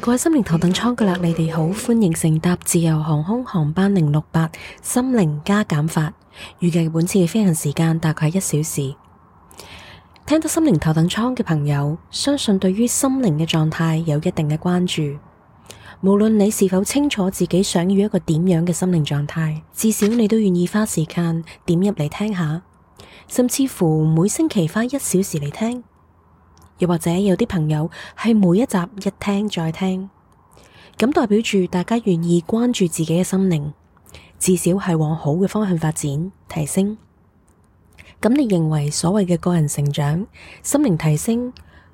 各位心靈頭等艙嘅啦，你哋好，歡迎乘搭自由航空航班零六八心靈加減法，預計本次嘅飛行時間大概係一小時。聽到心靈頭等艙嘅朋友，相信對於心靈嘅狀態有一定嘅關注。無論你是否清楚自己想要一個點樣嘅心靈狀態，至少你都願意花時間點入嚟聽下，甚至乎每星期花一小時嚟聽，又或者有啲朋友係每一集一聽再聽，咁代表住大家願意關注自己嘅心靈，至少係往好嘅方向發展提升。咁你認為所謂嘅個人成長、心靈提升，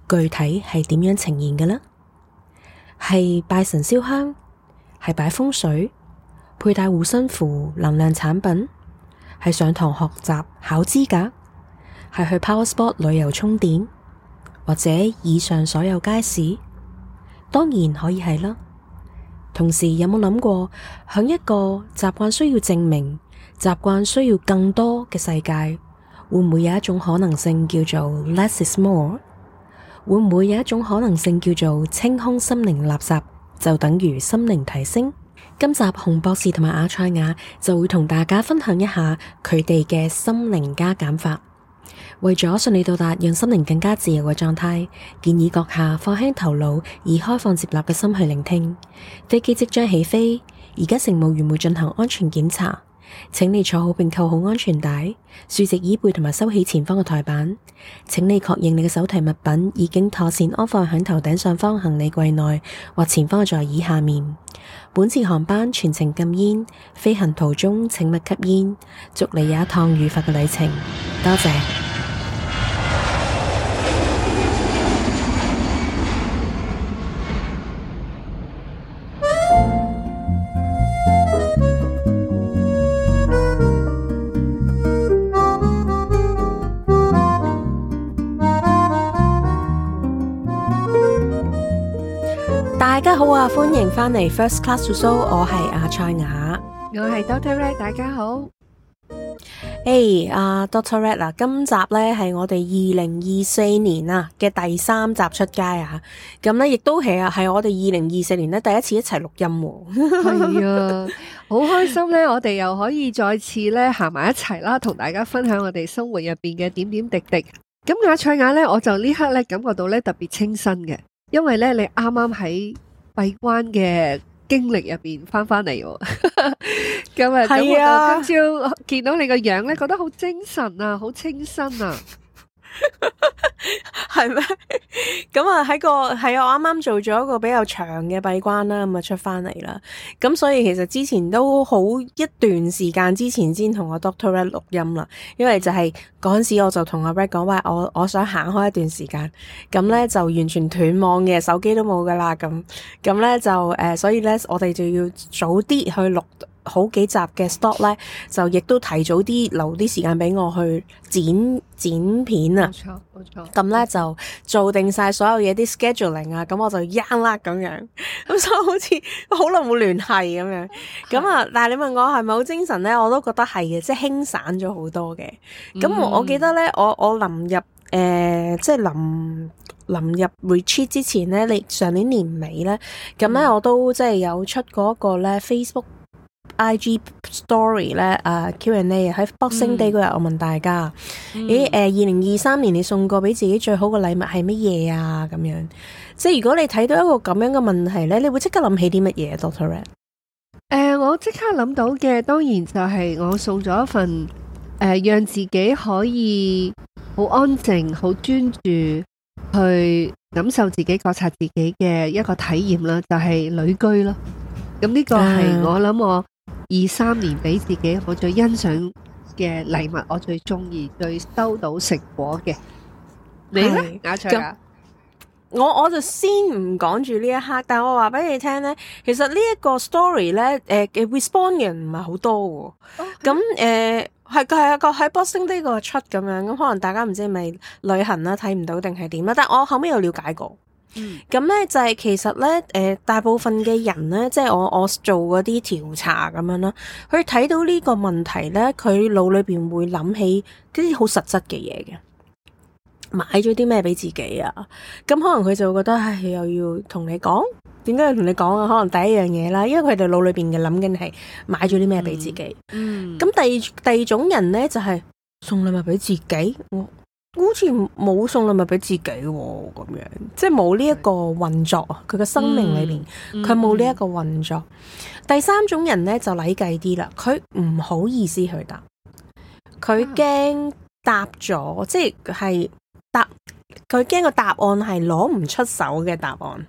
具體係點樣呈現嘅呢？係拜神燒香，係擺風水，佩戴護身符、能量產品，係上堂學習考資格，係去 Power Spot 旅遊充電，或者以上所有街市，當然可以係啦。同時有冇諗過，喺一個習慣需要證明、習慣需要更多嘅世界，會唔會有一種可能性叫做 less is more？會唔會有一種可能性叫做清空心靈垃圾，就等於心靈提升？今集洪博士同埋阿賽亞就會同大家分享一下佢哋嘅心靈加減法。為咗順利到達讓心靈更加自由嘅狀態，建議閣下放輕頭腦，以開放接納嘅心去聆聽。飛機即將起飛，而家乘務員會進行安全檢查。請你坐好並扣好安全帶，豎直椅背同埋收起前方嘅台板。請你確認你嘅手提物品已經妥善安放喺頭頂上方行李櫃內或前方嘅座椅下面。本次航班全程禁煙，飛行途中請勿吸煙。祝你有一趟愉快嘅旅程，多謝。哇！歡迎翻嚟 First Class to Soul 我係阿蔡雅，我係 Doctor Red 大家好。誒，阿 Doctor Red 今集呢係我哋二零二四年啊嘅第三集出街啊，咁呢亦都係啊，係我哋二零二四年呢第一次一齊錄音、哦，係 啊，好開心呢，我哋又可以再次呢行埋一齊啦，同大家分享我哋生活入邊嘅點點滴滴。咁阿蔡雅呢，我就呢刻呢感覺到呢特別清新嘅，因為呢你啱啱喺。閉關嘅經歷入邊翻返嚟，咁 係啊，今朝見到你個樣咧，覺得好精神啊，好清新啊！ 係咩？咁啊 是嗎，喺 個係我啱啱做咗一個比較長嘅閉關啦，咁啊出翻嚟啦。咁所以其實之前都好一段時間之前先同我 Doctor Red 錄音啦，因為就係嗰陣時我就同阿 Red 講，哇，我我想行開一段時間，咁咧就完全斷網嘅，手機都冇噶啦。咁咁咧就誒、呃，所以咧我哋就要早啲去錄。好幾集嘅 stop 咧，就亦都提早啲留啲時間俾我去剪剪片啊！冇錯，冇錯。咁咧就做定晒所有嘢啲 scheduling 啊，咁我就 hang 啦咁樣。咁 所以好似好耐冇聯繫咁樣。咁啊嗎，但係你問我係咪好精神咧？我都覺得係嘅，即、就、係、是、輕散咗好多嘅。咁、嗯、我記得咧，我我臨入誒、呃，即係臨臨入 retreat 之前咧，你上年年尾咧，咁咧、嗯、我都即係有出嗰個咧 Facebook。I G Story 咧，啊 Q&A 喺 Boxing Day 嗰日，我問大家，誒，誒，二零二三年你送過俾自己最好嘅禮物係乜嘢啊？咁樣，即係如果你睇到一個咁樣嘅問題咧，你會即刻諗起啲乜嘢？Doctor，誒，我即刻諗到嘅，當然就係我送咗一份，誒，讓自己可以好安靜、好專注去感受自己、覺察自己嘅一個體驗啦，就係旅居咯。咁呢個係我諗我。二三年俾自己我最欣賞嘅禮物，我最中意最收到成果嘅，你咧雅翠，我我就先唔講住呢一刻，但係我話俾你聽呢，其實呢一個 story 呢，誒嘅 response 人唔係好多嘅，咁誒係佢係一個喺 Boxing Day 呢個出咁樣，咁可能大家唔知係咪旅行啦，睇唔到定係點啦，但我後尾有了解過。咁咧、嗯、就係其實咧，誒、呃，大部分嘅人咧，即係我我做嗰啲調查咁樣啦，佢睇到呢個問題咧，佢腦裏邊會諗起啲好實質嘅嘢嘅，買咗啲咩俾自己啊？咁可能佢就會覺得，唉、哎，又要同你講，點解要同你講啊？可能第一樣嘢啦，因為佢哋腦裏邊嘅諗緊係買咗啲咩俾自己。嗯。咁、嗯、第二第二種人咧就係、是、送禮物俾自己我。好似冇送禮物俾自己咁樣，即係冇呢一個運作啊！佢嘅生命裏面，佢冇呢一個運作。第三種人呢，就禮計啲啦，佢唔好意思去答，佢驚答咗，即係答佢驚個答案係攞唔出手嘅答案。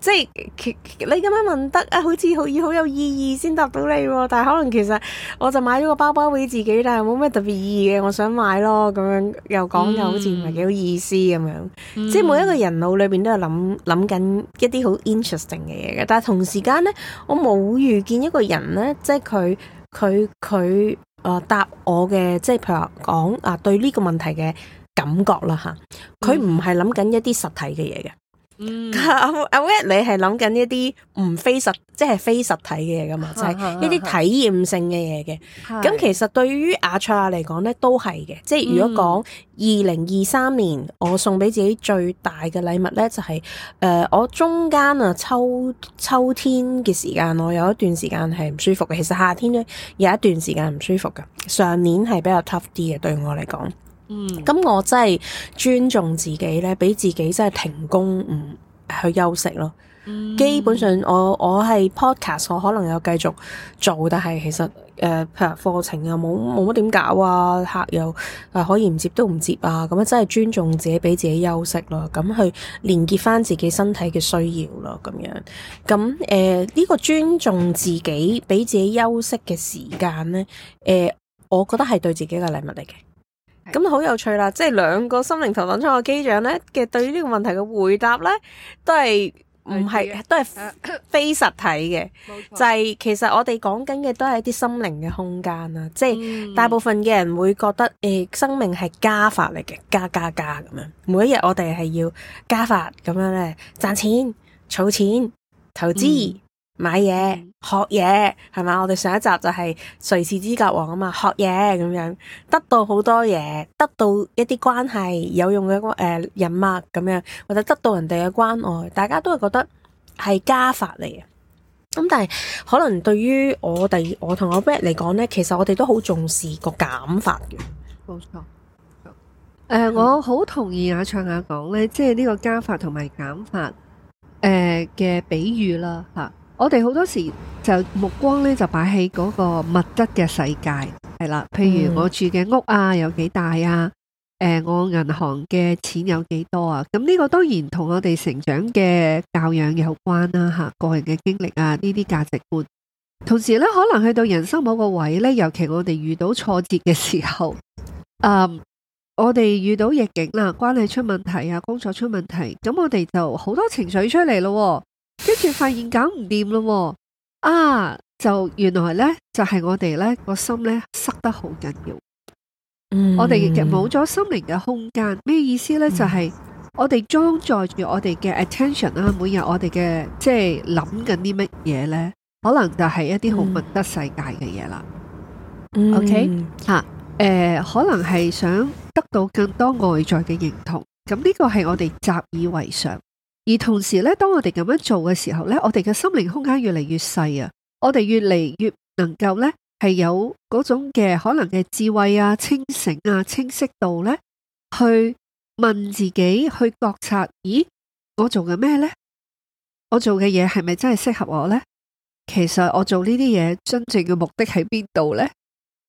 即係你咁樣問得啊，好似要好，好有意義先答到你喎。但係可能其實我就買咗個包包俾自己，但係冇咩特別意義嘅，我想買咯。咁樣又講又好似唔係幾好意思咁樣。嗯、即係每一個人腦裏邊都係諗諗緊一啲好 interesting 嘅嘢嘅，但係同時間呢，我冇遇見一個人呢，即係佢佢佢啊答我嘅，即係譬如話講啊對呢個問題嘅感覺啦嚇。佢唔係諗緊一啲實體嘅嘢嘅。阿阿 w 你係諗緊一啲唔非實即係、就是、非實體嘅嘢噶嘛？嗯、就係一啲體驗性嘅嘢嘅。咁、嗯嗯、其實對於阿卓啊嚟講咧，都係嘅。即係如果講二零二三年，我送俾自己最大嘅禮物咧，就係、是、誒、呃、我中間啊秋秋天嘅時間，我有一段時間係唔舒服嘅。其實夏天咧有一段時間唔舒服嘅。上年係比較 tough 啲嘅，對我嚟講。嗯，咁我真係尊重自己咧，俾自己真係停工唔去休息咯。嗯、基本上我，我我係 Podcast，我可能有繼續做，但係其實誒、呃，譬如課程啊，冇冇乜點搞啊，客又誒可以唔接都唔接啊。咁啊，真係尊重自己，俾自己休息咯。咁去連結返自己身體嘅需要咯，咁樣。咁誒，呢、呃呢個尊重自己，俾自己休息嘅時間咧，誒、呃，我覺得係對自己嘅禮物嚟嘅。咁好有趣啦！即係兩個心靈頭等艙嘅機長咧嘅，對於呢個問題嘅回答咧，都係唔係都係非，非實體嘅，錯就係其實我哋講緊嘅都係一啲心靈嘅空間啦。即係、嗯、大部分嘅人會覺得，誒、欸，生命係加法嚟嘅，加加加咁樣。每一日我哋係要加法咁樣咧，賺錢、儲錢、投資。嗯買嘢、學嘢，係嘛？我哋上一集就係誰是資格王啊嘛，學嘢咁樣，得到好多嘢，得到一啲關係有用嘅誒人物咁樣，或者得到人哋嘅關愛，大家都係覺得係加法嚟嘅。咁但係可能對於我哋我同我 Back 嚟講呢，其實我哋都好重視個減法嘅。冇錯。誒、呃，嗯、我好同意阿卓雅講呢，即係呢個加法同埋減法誒嘅比喻啦，吓。我哋好多時就目光呢，就擺喺嗰個物質嘅世界，係啦，譬如我住嘅屋啊，有幾大啊，誒、呃，我銀行嘅錢有幾多啊？咁呢個當然同我哋成長嘅教養有關啦，吓，個人嘅經歷啊，呢啲價值觀。同時呢，可能去到人生某個位呢，尤其我哋遇到挫折嘅時候，誒、嗯，我哋遇到逆境啦，關係出問題啊，工作出問題，咁我哋就好多情緒出嚟咯、啊。跟住發現搞唔掂咯，啊！就原來呢，就係我哋呢個心呢，塞得好緊要。Mm hmm. 我哋冇咗心靈嘅空間，咩意思呢？Mm hmm. 就係我哋裝載住我哋嘅 attention 啦，每日我哋嘅，即係諗緊啲乜嘢呢，可能就係一啲好物質世界嘅嘢啦。Mm hmm. OK，吓、啊，誒、呃，可能係想得到更多外在嘅認同，咁呢個係我哋習以為常。而同時咧，當我哋咁樣做嘅時候呢，我哋嘅心靈空間越嚟越細啊，我哋越嚟越能夠呢，係有嗰種嘅可能嘅智慧啊、清醒啊、清晰度呢，去問自己，去覺察，咦，我做緊咩呢？我做嘅嘢係咪真係適合我呢？其實我做呢啲嘢真正嘅目的喺邊度呢？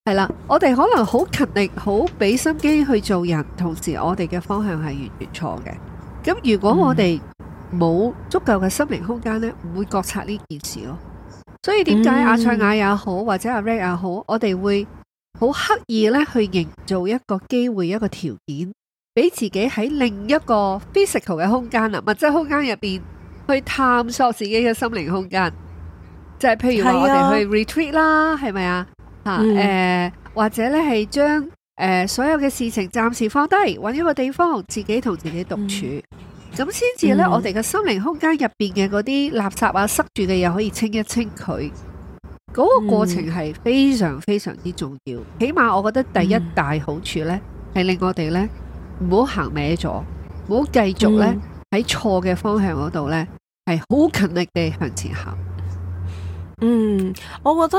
係啦，我哋可能好勤力，好俾心機去做人，同時我哋嘅方向係完全錯嘅。咁如果我哋、嗯，冇足夠嘅心靈空間呢，唔會覺察呢件事咯。所以點解阿卓雅也好，嗯、或者阿 Ray 也好，我哋會好刻意咧去營造一個機會，一個條件，俾自己喺另一個 physical 嘅空間啦，物質空間入邊去探索自己嘅心靈空間。即係譬如話我哋去 retreat 啦，係咪啊？吧嗯、啊，誒，或者咧係將誒、呃、所有嘅事情暫時放低，揾一個地方自己同自己獨處。嗯咁先至咧，呢 mm. 我哋嘅心靈空間入邊嘅嗰啲垃圾啊，塞住嘅嘢可以清一清佢。嗰、嗰個過程係非常非常之重要。Mm. 起碼我覺得第一大好處咧，係令我哋咧唔好行歪咗，唔好繼續咧喺錯嘅方向嗰度咧，係好勤力地向前行。嗯，mm. 我覺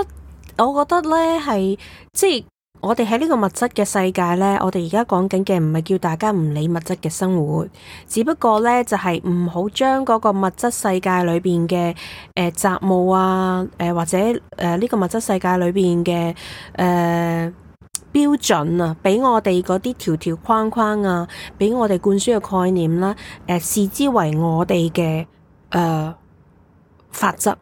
得，我覺得咧係即係。我哋喺呢個物質嘅世界呢，我哋而家講緊嘅唔係叫大家唔理物質嘅生活，只不過呢，就係唔好將嗰個物質世界裏邊嘅誒雜務啊，誒、呃、或者誒呢、呃這個物質世界裏邊嘅誒標準啊，俾我哋嗰啲條條框框啊，俾我哋灌輸嘅概念啦、啊，誒、呃、視之為我哋嘅、呃、法則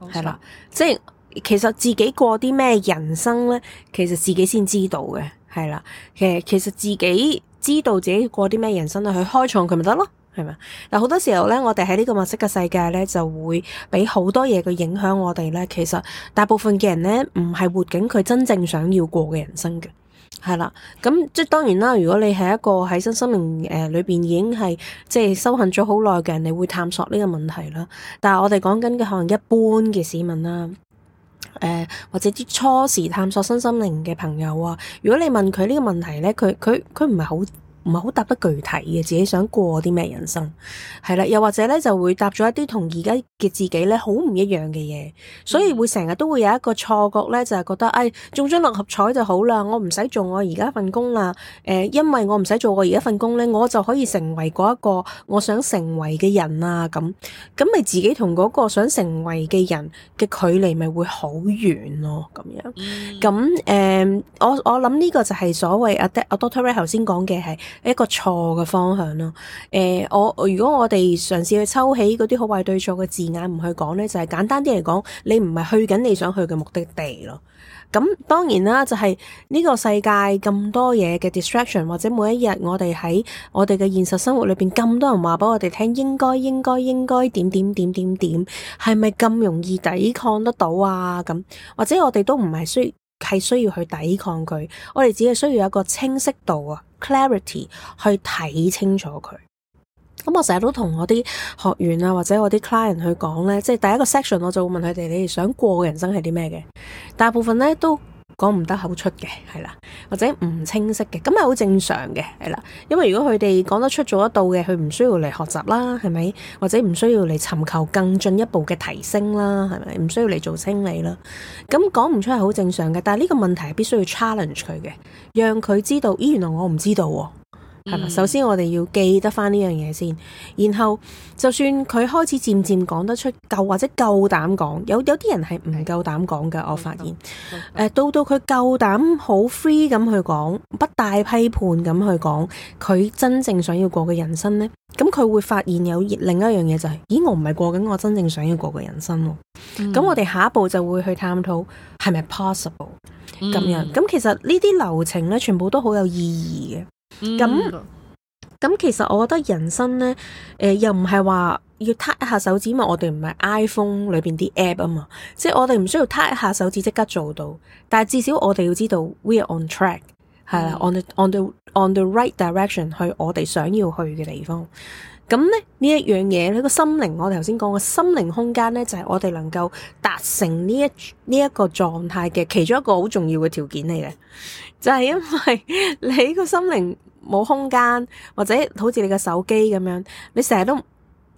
係啦像，即係。其實自己過啲咩人生呢？其實自己先知道嘅，係啦。其實自己知道自己過啲咩人生咧，去開創佢咪得咯，係咪啊？嗱，好多時候呢，我哋喺呢個物質嘅世界呢，就會俾好多嘢嘅影響我哋呢，其實大部分嘅人呢，唔係活緊佢真正想要過嘅人生嘅，係啦。咁即係當然啦，如果你係一個喺新生，生命誒裏邊已經係即係修行咗好耐嘅人，你會探索呢個問題啦。但係我哋講緊嘅可能一般嘅市民啦。誒、呃，或者啲初時探索身心靈嘅朋友啊，如果你問佢呢個問題咧，佢佢佢唔係好。唔係好答得具體嘅，自己想過啲咩人生係啦，又或者咧就會答咗一啲同而家嘅自己咧好唔一樣嘅嘢，所以會成日都會有一個錯覺咧，就係、是、覺得誒、哎、中咗六合彩就好啦，我唔使做我而家份工啦，誒、呃，因為我唔使做我而家份工咧，我就可以成為嗰一個我想成為嘅人啊，咁咁咪自己同嗰個想成為嘅人嘅距離咪會好遠咯，咁樣咁誒、嗯呃，我我諗呢個就係所謂阿 Doctor Ray 頭先講嘅係。一個錯嘅方向咯。誒、呃，我如果我哋嘗試去抽起嗰啲好壞對錯嘅字眼，唔去講呢，就係、是、簡單啲嚟講，你唔係去緊你想去嘅目的地咯。咁、嗯、當然啦，就係、是、呢個世界咁多嘢嘅 distraction，或者每一日我哋喺我哋嘅現實生活裏邊咁多人話俾我哋聽，應該應該應該點點點點點，係咪咁容易抵抗得到啊？咁、嗯、或者我哋都唔係需係需要去抵抗佢，我哋只係需要一個清晰度啊，clarity 去睇清楚佢。咁、嗯、我成日都同我啲學員啊，或者我啲 client 去講呢，即係第一個 section，我就會問佢哋：你哋想過嘅人生係啲咩嘅？大部分呢？都。講唔得口出嘅係啦，或者唔清晰嘅，咁係好正常嘅，係啦。因為如果佢哋講得出做得到嘅，佢唔需要嚟學習啦，係咪？或者唔需要嚟尋求更進一步嘅提升啦，係咪？唔需要嚟做清理啦。咁講唔出係好正常嘅，但係呢個問題係必須要 challenge 佢嘅，讓佢知道，咦，原來我唔知道。嗯、首先我哋要記得翻呢樣嘢先，然後就算佢開始漸漸講得出夠，夠或者夠膽講，有有啲人係唔夠膽講嘅，我發現。嗯嗯嗯呃、到到佢夠膽好 free 咁去講，不帶批判咁去講，佢真正想要過嘅人生呢，咁佢會發現有另一樣嘢就係、是，咦，我唔係過緊我真正想要過嘅人生咯、啊。咁、嗯、我哋下一步就會去探討係咪 possible 咁、嗯、樣。咁其實呢啲流程呢，全部都好有意義嘅。咁咁、嗯，其實我覺得人生咧，誒、呃，又唔係話要 touch 一下手指，因為嘛，我哋唔係 iPhone 裏邊啲 app 啊嘛，即係我哋唔需要 touch 一下手指即刻做到，但係至少我哋要知道 we are on track，係啦、嗯、on the on the on the right direction 去我哋想要去嘅地方。咁咧呢一樣嘢你個心靈，我哋頭先講嘅心靈空間咧，就係、是、我哋能夠達成呢一呢一、這個狀態嘅其中一個好重要嘅條件嚟嘅，就係、是、因為你個心靈。冇空間，或者好似你個手機咁樣，你成日都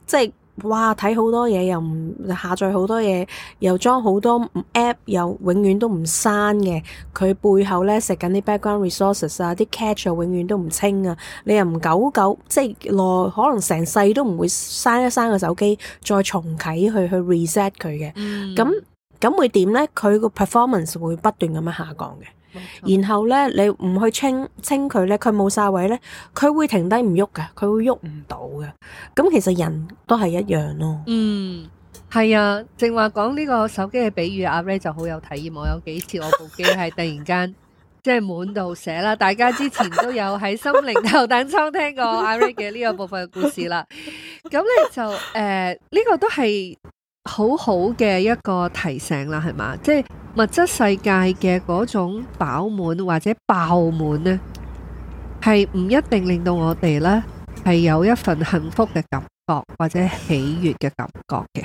即係哇睇好多嘢，又唔下載好多嘢，又裝好多 app，又永遠都唔刪嘅。佢背後咧食緊啲 background resources 啊，啲 cache 又永遠都唔清啊。你又唔久久即係耐，可能成世都唔會刪一刪個手機，再重啟去去 reset 佢嘅。咁咁、嗯、會點咧？佢個 performance 會不斷咁樣下降嘅。然後咧，你唔去清清佢咧，佢冇晒位咧，佢會停低唔喐噶，佢會喐唔到噶。咁其實人都係一樣咯。嗯，係啊，正話講呢個手機嘅比喻，阿、啊、Ray 就好有體驗。我有幾次我部機係突然間 即係滿到瀉啦。大家之前都有喺心靈頭等艙聽過阿、啊、Ray 嘅呢個部分嘅故事啦。咁咧就誒、呢、呃，這個都係好好嘅一個提醒啦，係嘛？即係物質世界嘅嗰種飽滿或者爆滿呢，係唔一定令到我哋呢係有一份幸福嘅感覺或者喜悅嘅感覺嘅，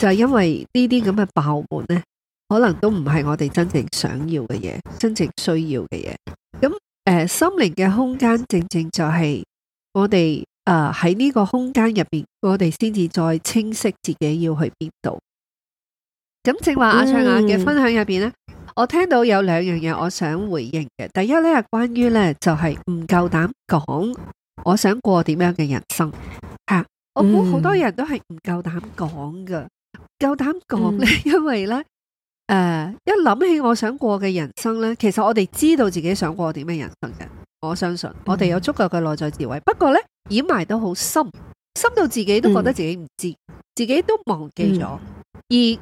就係因為呢啲咁嘅爆滿呢，可能都唔係我哋真正想要嘅嘢，真正需要嘅嘢。咁誒、呃，心靈嘅空間正正就係我哋。誒，喺呢、uh, 個空間入邊，我哋先至再清晰自己要去邊度。咁正話阿昌雅嘅分享入邊呢，嗯、我聽到有兩樣嘢，我想回應嘅。第一呢，係關於呢，就係唔夠膽講我想過點樣嘅人生吓、啊。我估好多人都係唔夠膽講㗎，夠膽講呢，因為呢，誒、嗯啊，一諗起我想過嘅人生呢，其實我哋知道自己想過點樣人生嘅。我相信我哋有足夠嘅內在智慧，mm. 不過呢，掩埋得好深，深到自己都覺得自己唔知，mm. 自己都忘記咗。Mm.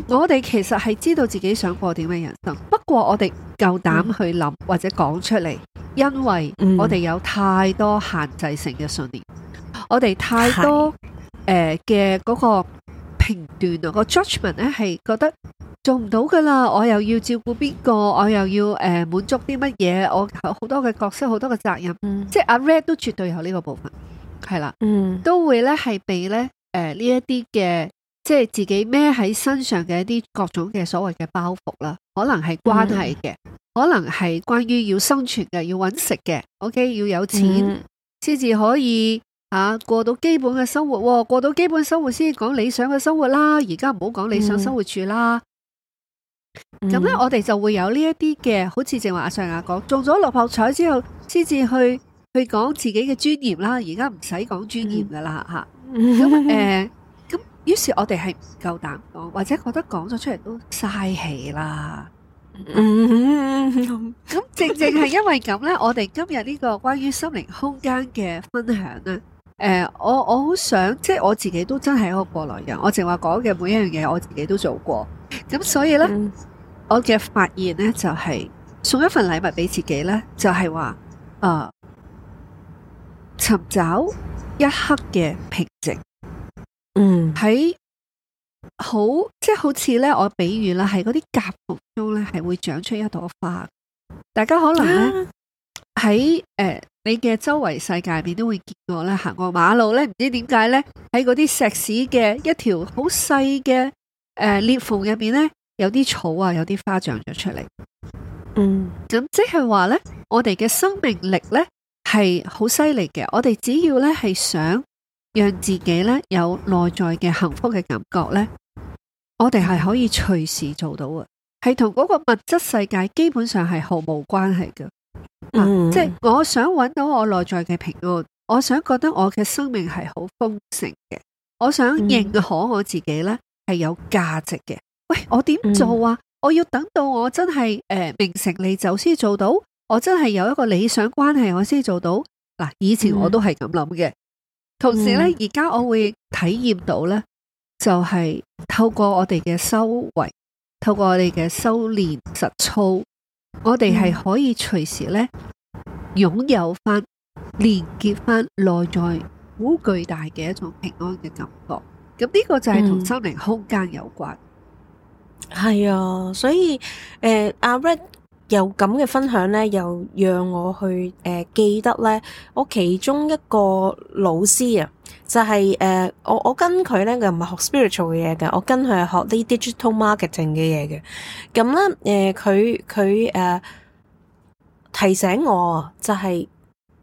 而我哋其實係知道自己想過點嘅人生，不過我哋夠膽去諗或者講出嚟，mm. 因為我哋有太多限制性嘅信念，mm. 我哋太多嘅嗰個評斷啊個 judgment 咧係覺得。做唔到噶啦！我又要照顧邊個，我又要誒滿足啲乜嘢？我有好多嘅角色，好多嘅責任。即係阿 Red 都絕對有呢個部分，係啦，都會咧係畀咧誒呢一啲嘅即係自己孭喺身上嘅一啲各種嘅所謂嘅包袱啦。可能係關係嘅，可能係關於要生存嘅，要揾食嘅。OK，要有錢先至可以啊過到基本嘅生活。過到基本生活先講理想嘅生活啦。而家唔好講理想生活住啦。咁咧，嗯，我哋就會有呢一啲嘅，好似正話阿上雅講，中咗六合彩之後，先至去去講自己嘅尊嚴啦。而家唔使講尊嚴噶啦吓。咁誒，嗯，咁於、啊、是我哋係唔夠膽講，或者覺得講咗出嚟都嘥氣啦。咁，嗯嗯、正正係因為咁咧、 啊，我哋今日呢個關於心靈空間嘅分享咧，誒，我我好想，即係我自己都真係一個過來人，我淨話講嘅每一樣嘢，我自己都做過。咁所以咧，我嘅發現咧就係、是、送一份禮物俾自己咧，就係、是、話，誒、呃，尋找一刻嘅平靜。嗯，喺、就是、好即係好似咧，我比喻啦，喺嗰啲夾縫中咧，係會長出一朵花。大家可能咧喺誒你嘅周圍世界裏面都會見過咧，行過馬路咧，唔知點解咧喺嗰啲石屎嘅一條好細嘅。誒，裂縫入面咧有啲草啊，有啲花長咗出嚟。嗯，咁即係話咧，我哋嘅生命力咧係好犀利嘅。我哋只要咧係想讓自己咧有內在嘅幸福嘅感覺咧，我哋係可以隨時做到嘅，係同嗰個物質世界基本上係毫無關係嘅。即係、嗯啊就是、我想揾到我內在嘅平安，我想覺得我嘅生命係好豐盛嘅，我想認可我自己咧。嗯係有價值嘅。喂，我點做啊？我要等到我真係誒名成利就先做到。我真係有一個理想關係，我先做到。嗱，以前我都係咁諗嘅。同時呢，而家我會體驗到呢，就係、是、透過我哋嘅修為，透過我哋嘅修煉實操，我哋係可以隨時呢擁有翻、連接翻內在好巨大嘅一種平安嘅感覺。咁呢個就係同心靈空間有關，係、嗯、啊，所以誒，阿、呃啊、Red 有咁嘅分享呢，又讓我去誒、呃、記得呢，我其中一個老師啊，就係、是、誒、呃，我我跟佢呢，佢唔係學 spiritual 嘅嘢嘅，我跟佢係學啲 digital marketing 嘅嘢嘅，咁、嗯、呢，誒、呃，佢佢誒提醒我、啊，就係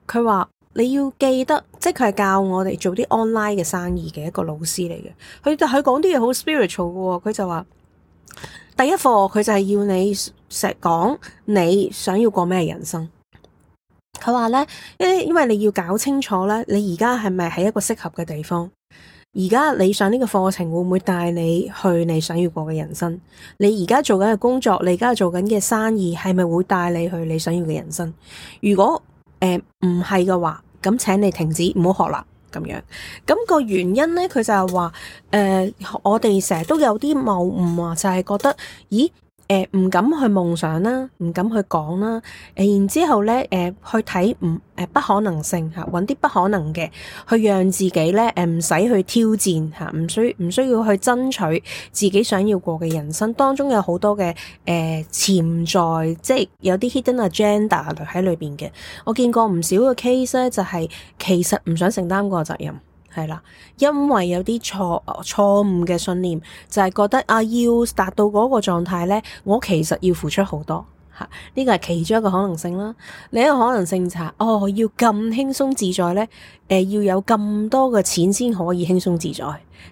佢話。你要記得，即係佢係教我哋做啲 online 嘅生意嘅一個老師嚟嘅。佢但佢講啲嘢好 spiritual 嘅。佢、哦、就話第一課佢就係要你成日講你想要過咩人生。佢話呢，因因為你要搞清楚呢，你而家係咪喺一個適合嘅地方？而家你上呢個課程會唔會帶你去你想要過嘅人生？你而家做緊嘅工作，你而家做緊嘅生意係咪會帶你去你想要嘅人生？如果誒，唔係嘅話，咁請你停止，唔好學啦，咁樣。咁、那個原因咧，佢就係話，誒、呃，我哋成日都有啲謬誤啊，就係、是、覺得，咦。誒，唔、呃、敢去夢想啦，唔敢去講啦。誒、呃，然之後咧，誒、呃，去睇唔誒不可能性吓，搵、啊、啲不可能嘅去讓自己咧，誒、呃，唔使去挑戰吓，唔、啊、需唔需要去爭取自己想要過嘅人生當中有好多嘅，誒、呃、潛在，即係有啲 hidden agenda 喺裏邊嘅。我見過唔少嘅 case 咧，就係其實唔想承擔個責任。係啦，因為有啲錯錯誤嘅信念，就係、是、覺得啊，要達到嗰個狀態呢，我其實要付出好多吓。呢個係其中一個可能性啦、啊。另一個可能性就係哦，要咁輕鬆自在呢，誒、啊，要有咁多嘅錢先可以輕鬆自在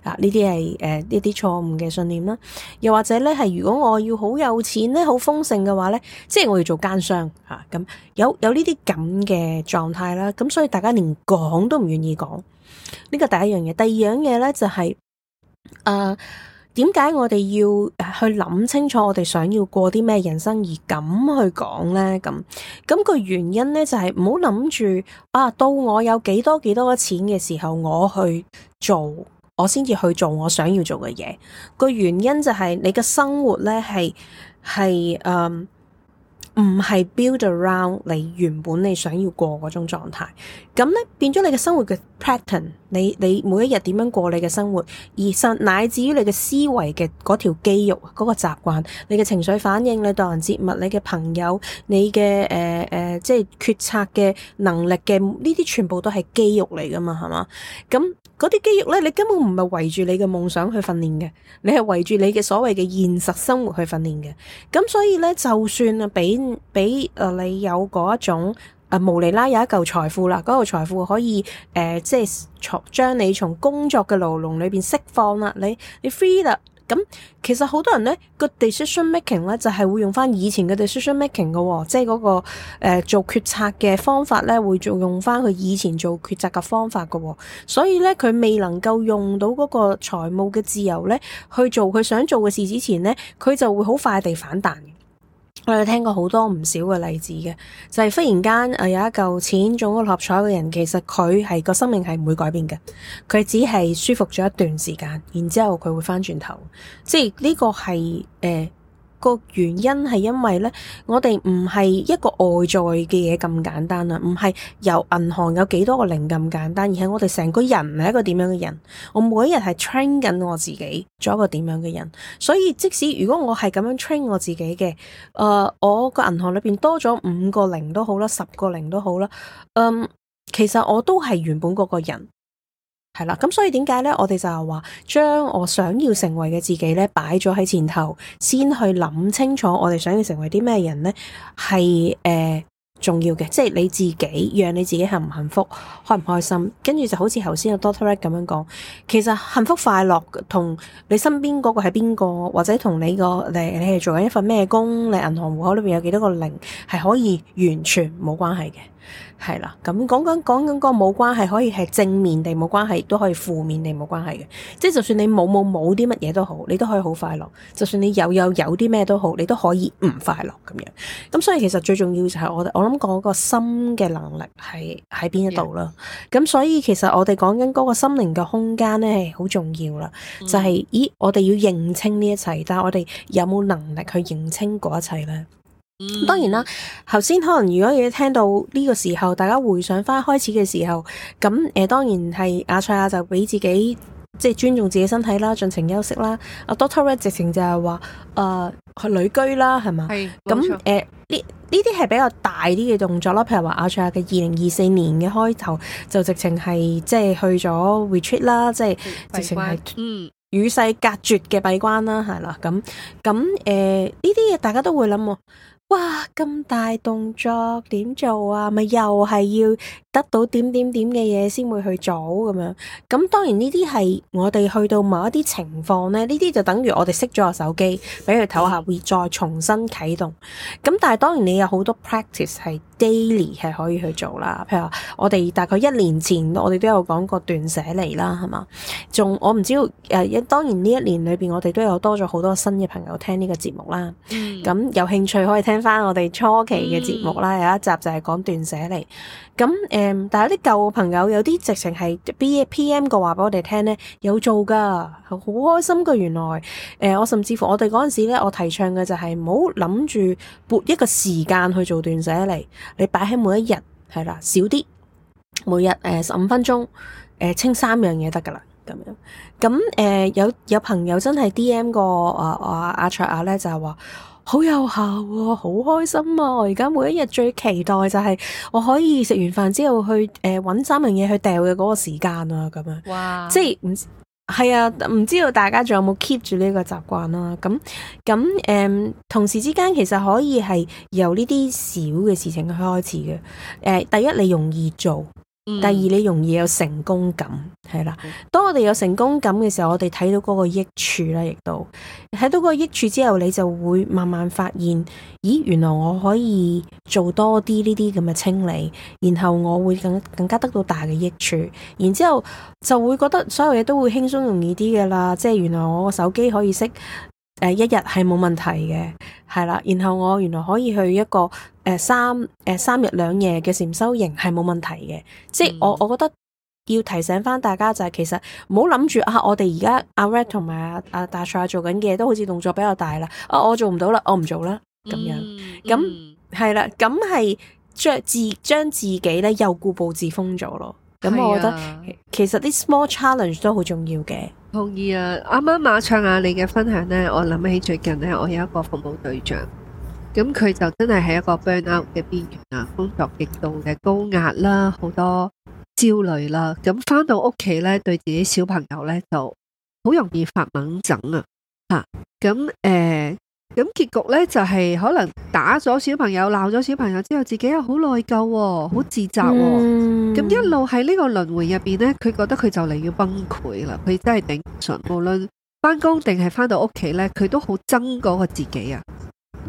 啊。呢啲係誒呢啲錯誤嘅信念啦、啊。又或者呢，係如果我要好有錢呢，好豐盛嘅話呢，即係我要做奸商吓。咁、啊、有有呢啲咁嘅狀態啦。咁、啊、所以大家連講都唔願意講。呢個第一樣嘢，第二樣嘢呢就係、是，誒、呃，點解我哋要去諗清楚我哋想要過啲咩人生而咁去講呢？咁咁、那個原因呢就係唔好諗住啊，到我有幾多幾多個錢嘅時候，我去做，我先至去做我想要做嘅嘢。個原因就係你嘅生活呢係係誒。唔係 build around 你原本你想要過嗰種狀態，咁咧，變咗你嘅生活嘅 pattern，你你每一日點樣過你嘅生活，而實乃至於你嘅思維嘅嗰條肌肉，嗰個習慣，你嘅情緒反應，你待人接物，你嘅朋友，你嘅誒誒，即係決策嘅能力嘅呢啲，全部都係肌肉嚟噶嘛，係嘛？咁。嗰啲肌肉咧，你根本唔係圍住你嘅夢想去訓練嘅，你係圍住你嘅所謂嘅現實生活去訓練嘅。咁所以咧，就算啊，俾俾啊，你有嗰一種啊無厘啦有一嚿財富啦，嗰嚿財富可以誒，即係將你從工作嘅牢籠裏邊釋放啦，你你 free 啦。咁其實好多人咧，個 decision making 咧就係會用返以前嘅 decision making 㗎喎、哦，即係嗰、那個、呃、做決策嘅方法咧會做用返佢以前做決策嘅方法㗎喎、哦，所以咧佢未能夠用到嗰個財務嘅自由咧去做佢想做嘅事之前咧，佢就會好快地反彈。我哋聽過好多唔少嘅例子嘅，就係、是、忽然間誒有一嚿錢中咗六合彩嘅人，其實佢係個生命係唔會改變嘅，佢只係舒服咗一段時間，然之後佢會翻轉頭，即係呢個係誒。呃個原因係因為呢，我哋唔係一個外在嘅嘢，咁簡單啦，唔係由銀行有幾多個零咁簡單，而係我哋成個人唔係一個點樣嘅人。我每一日係 train 緊我自己做一個點樣嘅人，所以即使如果我係咁樣 train 我自己嘅，誒、呃，我個銀行裏邊多咗五個零都好啦，十個零都好啦，嗯，其實我都係原本嗰個人。係啦，咁、嗯、所以點解咧？我哋就係話將我想要成為嘅自己咧，擺咗喺前頭，先去諗清楚我哋想要成為啲咩人咧，係誒、呃、重要嘅。即係你自己，讓你自己幸唔幸福，開唔開心，跟住就好似頭先阿 Doctor Rick 咁樣講，其實幸福快樂同你身邊嗰個係邊個，或者同你、個誒，你係做緊一份咩工，你銀行戶口裡面有幾多個零，係可以完全冇關係嘅。係啦，咁講緊講緊個冇關係，可以係正面地冇關係，亦都可以負面地冇關係嘅。即係就算你冇冇冇啲乜嘢都好，你都可以好快樂；就算你有有有啲咩都好，你都可以唔快樂咁樣。咁所以其實最重要就係我我諗講個心嘅能力係喺邊一度啦。咁 Yeah. 所以其實我哋講緊嗰個心靈嘅空間咧，係好重要啦。就係、是、咦，我哋要認清呢一切，但係我哋有冇能力去認清嗰一切咧？嗯、當然啦，頭先可能如果你聽到呢個時候，大家回想翻開始嘅時候，咁、呃、誒，當然係阿蔡亞就俾自己即係、就是、尊重自己身體啦，盡情休息啦。阿 Doctor r 咧，直情就係話誒去旅居啦，係嘛？咁誒，呢呢啲係比較大啲嘅動作啦。譬如話阿蔡亞嘅二零二四年嘅開頭就直情係即係去咗 Retreat 啦，即係直情係嗯與世隔絕嘅閉關啦，係啦，咁咁誒呢啲嘢，大家都會諗。build 'd 哇！咁大動作點做啊？咪又係要。得到點點點嘅嘢，先會去做咁樣，咁當然呢啲係我哋去到某一啲情況呢，呢啲就等於我哋熄咗個手機，俾佢唞下，會再重新啟動。咁但係當然你有好多 practice 係 daily 係可以去做啦。譬如話我哋大概一年前我哋都有講過斷捨離啦，係嘛？仲我唔知誒，當然呢一年裏邊我哋都有多咗好多新嘅朋友聽呢個節目啦。嗯，咁有興趣可以聽翻我哋初期嘅節目啦。有一集就係講斷捨離。咁誒、嗯，但係啲舊朋友有啲直情係 B P M 個話俾我哋聽咧，有做噶，好開心嘅。原來誒、呃，我甚至乎我哋嗰陣時咧，我提倡嘅就係唔好諗住撥一個時間去做斷捨離，你擺喺每一日係啦，少啲，每日誒十五分鐘誒、呃、清三樣嘢得㗎啦，咁樣。咁、嗯、誒、呃、有有朋友真係 D M 過、呃、啊啊阿、啊、卓啊咧，就係、是、話。好有效、啊，好開心啊！我而家每一日最期待就係我可以食完飯之後去誒搵、呃、三樣嘢去掉嘅嗰個時間啊，咁樣。哇！即係唔係啊？唔知道大家仲有冇 keep 住呢個習慣啦？咁咁誒，同時之間其實可以係由呢啲小嘅事情去開始嘅。誒、呃，第一，你容易做。第二，你容易有成功感，係啦。 當我哋有成功感嘅時候，我哋睇到嗰個益處啦，亦都睇到個益處之後，你就會慢慢發現，咦，原來我可以做多啲呢啲咁嘅清理，然後我會更更加得到大嘅益處，然之後就會覺得所有嘢都會輕鬆容易啲噶啦，即係原來我個手機可以識。誒，uh, 一日係冇問題嘅，係啦。然後我原來可以去一個誒三誒三日兩夜嘅禪修營係冇問題嘅。即係我我覺得要提醒翻大家就係，其實唔好諗住啊，我哋而家阿 Red 同埋阿阿大 Sir 做緊嘅都好似動作比較大啦。啊，我做唔到啦，我唔做啦，咁樣。咁係啦，咁係將自將自己咧又固步自封咗咯。咁我覺得其實啲 small challenge 都好重要嘅，同意啊！啱啱馬唱雅你嘅分享呢，我諗起最近呢，我有一個服務對象，咁佢就真係喺一個 burn out 嘅邊緣啊，工作極度嘅高壓啦，好多焦慮啦，咁翻到屋企呢，對自己小朋友呢就好容易發矛憎啊，吓，咁、欸、誒。咁結局呢就係、是、可能打咗小朋友、鬧咗小朋友之後，自己又好內疚、哦、好自責、哦。咁、mm hmm. 一路喺呢個輪回入邊呢，佢覺得佢就嚟要崩潰啦，佢真係頂唔順。無論返工定係返到屋企呢，佢都好憎嗰個自己啊。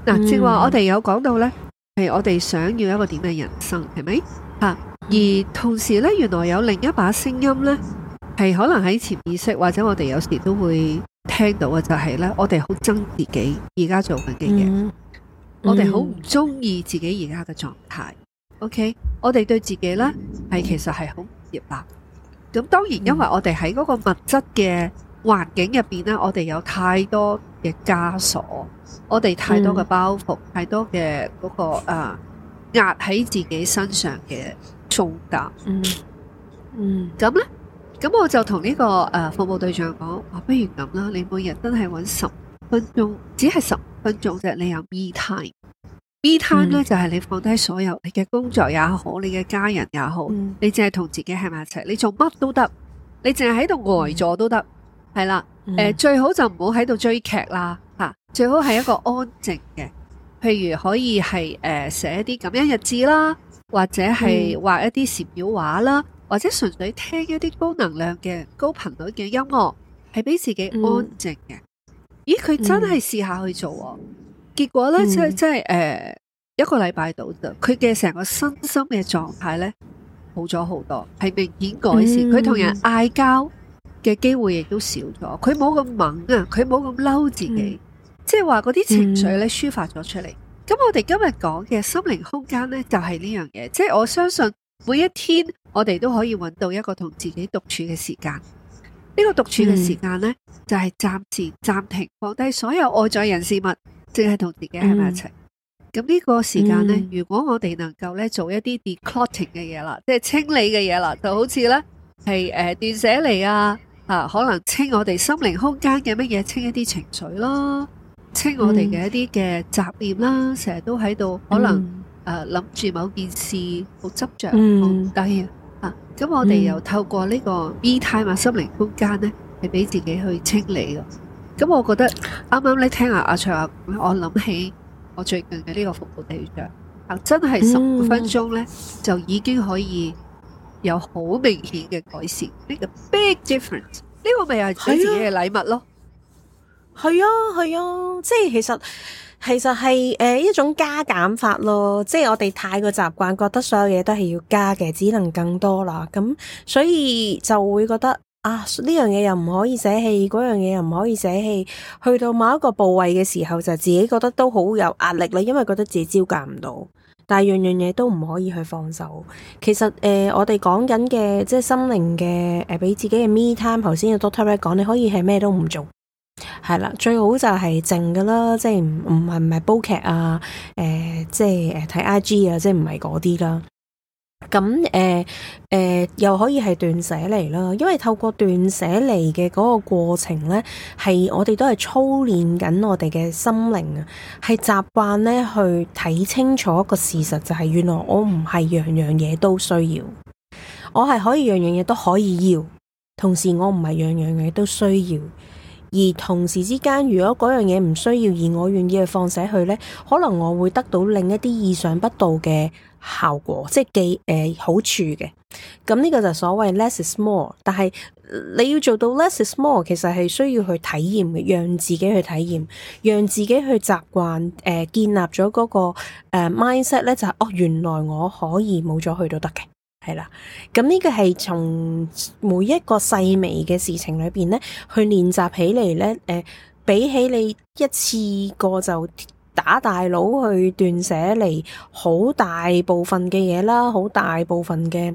嗱、mm，正、hmm. 話我哋有講到呢，係我哋想要一個點嘅人生，係咪啊？而同時呢，原來有另一把聲音呢，係可能喺潛意識或者我哋有時都會。聽到嘅就係咧，我哋好憎自己而家做緊嘅嘢，我哋好唔中意自己而家嘅狀態。嗯嗯、OK，我哋對自己咧係、嗯嗯、其實係好接納。咁當然因為我哋喺嗰個物質嘅環境入邊咧，我哋有太多嘅枷鎖，我哋太多嘅包袱，嗯、太多嘅嗰個啊壓喺自己身上嘅重擔、嗯。嗯，咁咧？咁我就同呢、這個誒、呃、服務對象講，話不如咁啦，你每日都係搵十分鐘，只係十分鐘啫。你有 me time，me、嗯、time 呢就係、是、你放低所有，你嘅工作也好，你嘅家人也好，嗯、你淨係同自己喺埋一齊。你做乜都得，你淨係喺度呆坐都得。係、嗯、啦，誒、呃嗯、最好就唔好喺度追劇啦，吓、啊、最好係一個安靜嘅，譬如可以係誒寫一啲感恩日誌啦，或者係畫一啲禪繞畫啦。或者純粹聽一啲高能量嘅、高頻率嘅音樂，係俾自己安靜嘅。嗯、咦？佢真係試下去做，嗯、結果呢，即係即係一個禮拜到佢嘅成個身心嘅狀態呢，好咗好多，係明顯改善。佢同、嗯、人嗌交嘅機會亦都少咗，佢冇咁猛啊，佢冇咁嬲自己，嗯、即係話嗰啲情緒咧、嗯、抒發咗出嚟。咁我哋今日講嘅心靈空間呢就，就係呢樣嘢。即係我相信每一天。我哋都可以揾到一個同自己獨處嘅時間，呢、這個獨處嘅時間呢，就係、是、暫時暫停放低所有外在人事物，淨係同自己喺埋一齊。咁呢、嗯、個時間呢，嗯、如果我哋能夠咧做一啲 declutter 嘅嘢啦，即、就、係、是、清理嘅嘢啦，就好似呢係誒斷捨離啊啊，可能清我哋心靈空間嘅乜嘢，清一啲情緒咯，清我哋嘅一啲嘅雜念啦，成日都喺度可能誒諗住某件事好執着，低、啊咁、啊、我哋又透過呢個 me time 啊，心靈空間呢，係俾自己去清理嘅。咁我覺得啱啱咧聽下阿卓阿我諗起我最近嘅呢個服務對象，啊真係十五分鐘呢，就已經可以有好明顯嘅改善，呢個、嗯、big difference，呢個咪係自己嘅禮物咯。係啊，係啊，啊，即係其實。其實係誒、呃、一種加減法咯，即係我哋太過習慣，覺得所有嘢都係要加嘅，只能更多啦。咁所以就會覺得啊，呢樣嘢又唔可以捨棄，嗰樣嘢又唔可以捨棄。去到某一個部位嘅時候，就自己覺得都好有壓力啦，因為覺得自己招架唔到。但係樣樣嘢都唔可以去放手。其實誒、呃，我哋講緊嘅即係心靈嘅誒，俾、呃、自己嘅 me time。頭先嘅 doctor 咧講，你可以係咩都唔做。係啦，最好就係靜噶啦，即係唔唔係唔係煲劇啊，誒、呃，即係誒睇 IG 啊，即係唔係嗰啲啦。咁誒誒，又可以係斷捨離啦，因為透過斷捨離嘅嗰個過程咧，係我哋都係操練緊我哋嘅心靈啊，係習慣咧去睇清楚一個事實，就係、是、原來我唔係樣樣嘢，都需要，我係可以樣樣嘢都可以要，同時我唔係樣樣嘢都需要。而同時之間，如果嗰樣嘢唔需要，而我願意去放捨佢呢，可能我會得到另一啲意想不到嘅效果，即係幾誒好處嘅。咁呢個就所謂 less is more。但係你要做到 less is more，其實係需要去體驗嘅，讓自己去體驗，讓自己去習慣誒，建立咗嗰、那個誒、呃、mindset 呢就係、是、哦，原來我可以冇咗去都得嘅。係啦，咁呢個係從每一個細微嘅事情裏邊咧，去練習起嚟咧。誒、呃，比起你一次過就打大佬去斷捨離，好大部分嘅嘢啦，好大部分嘅。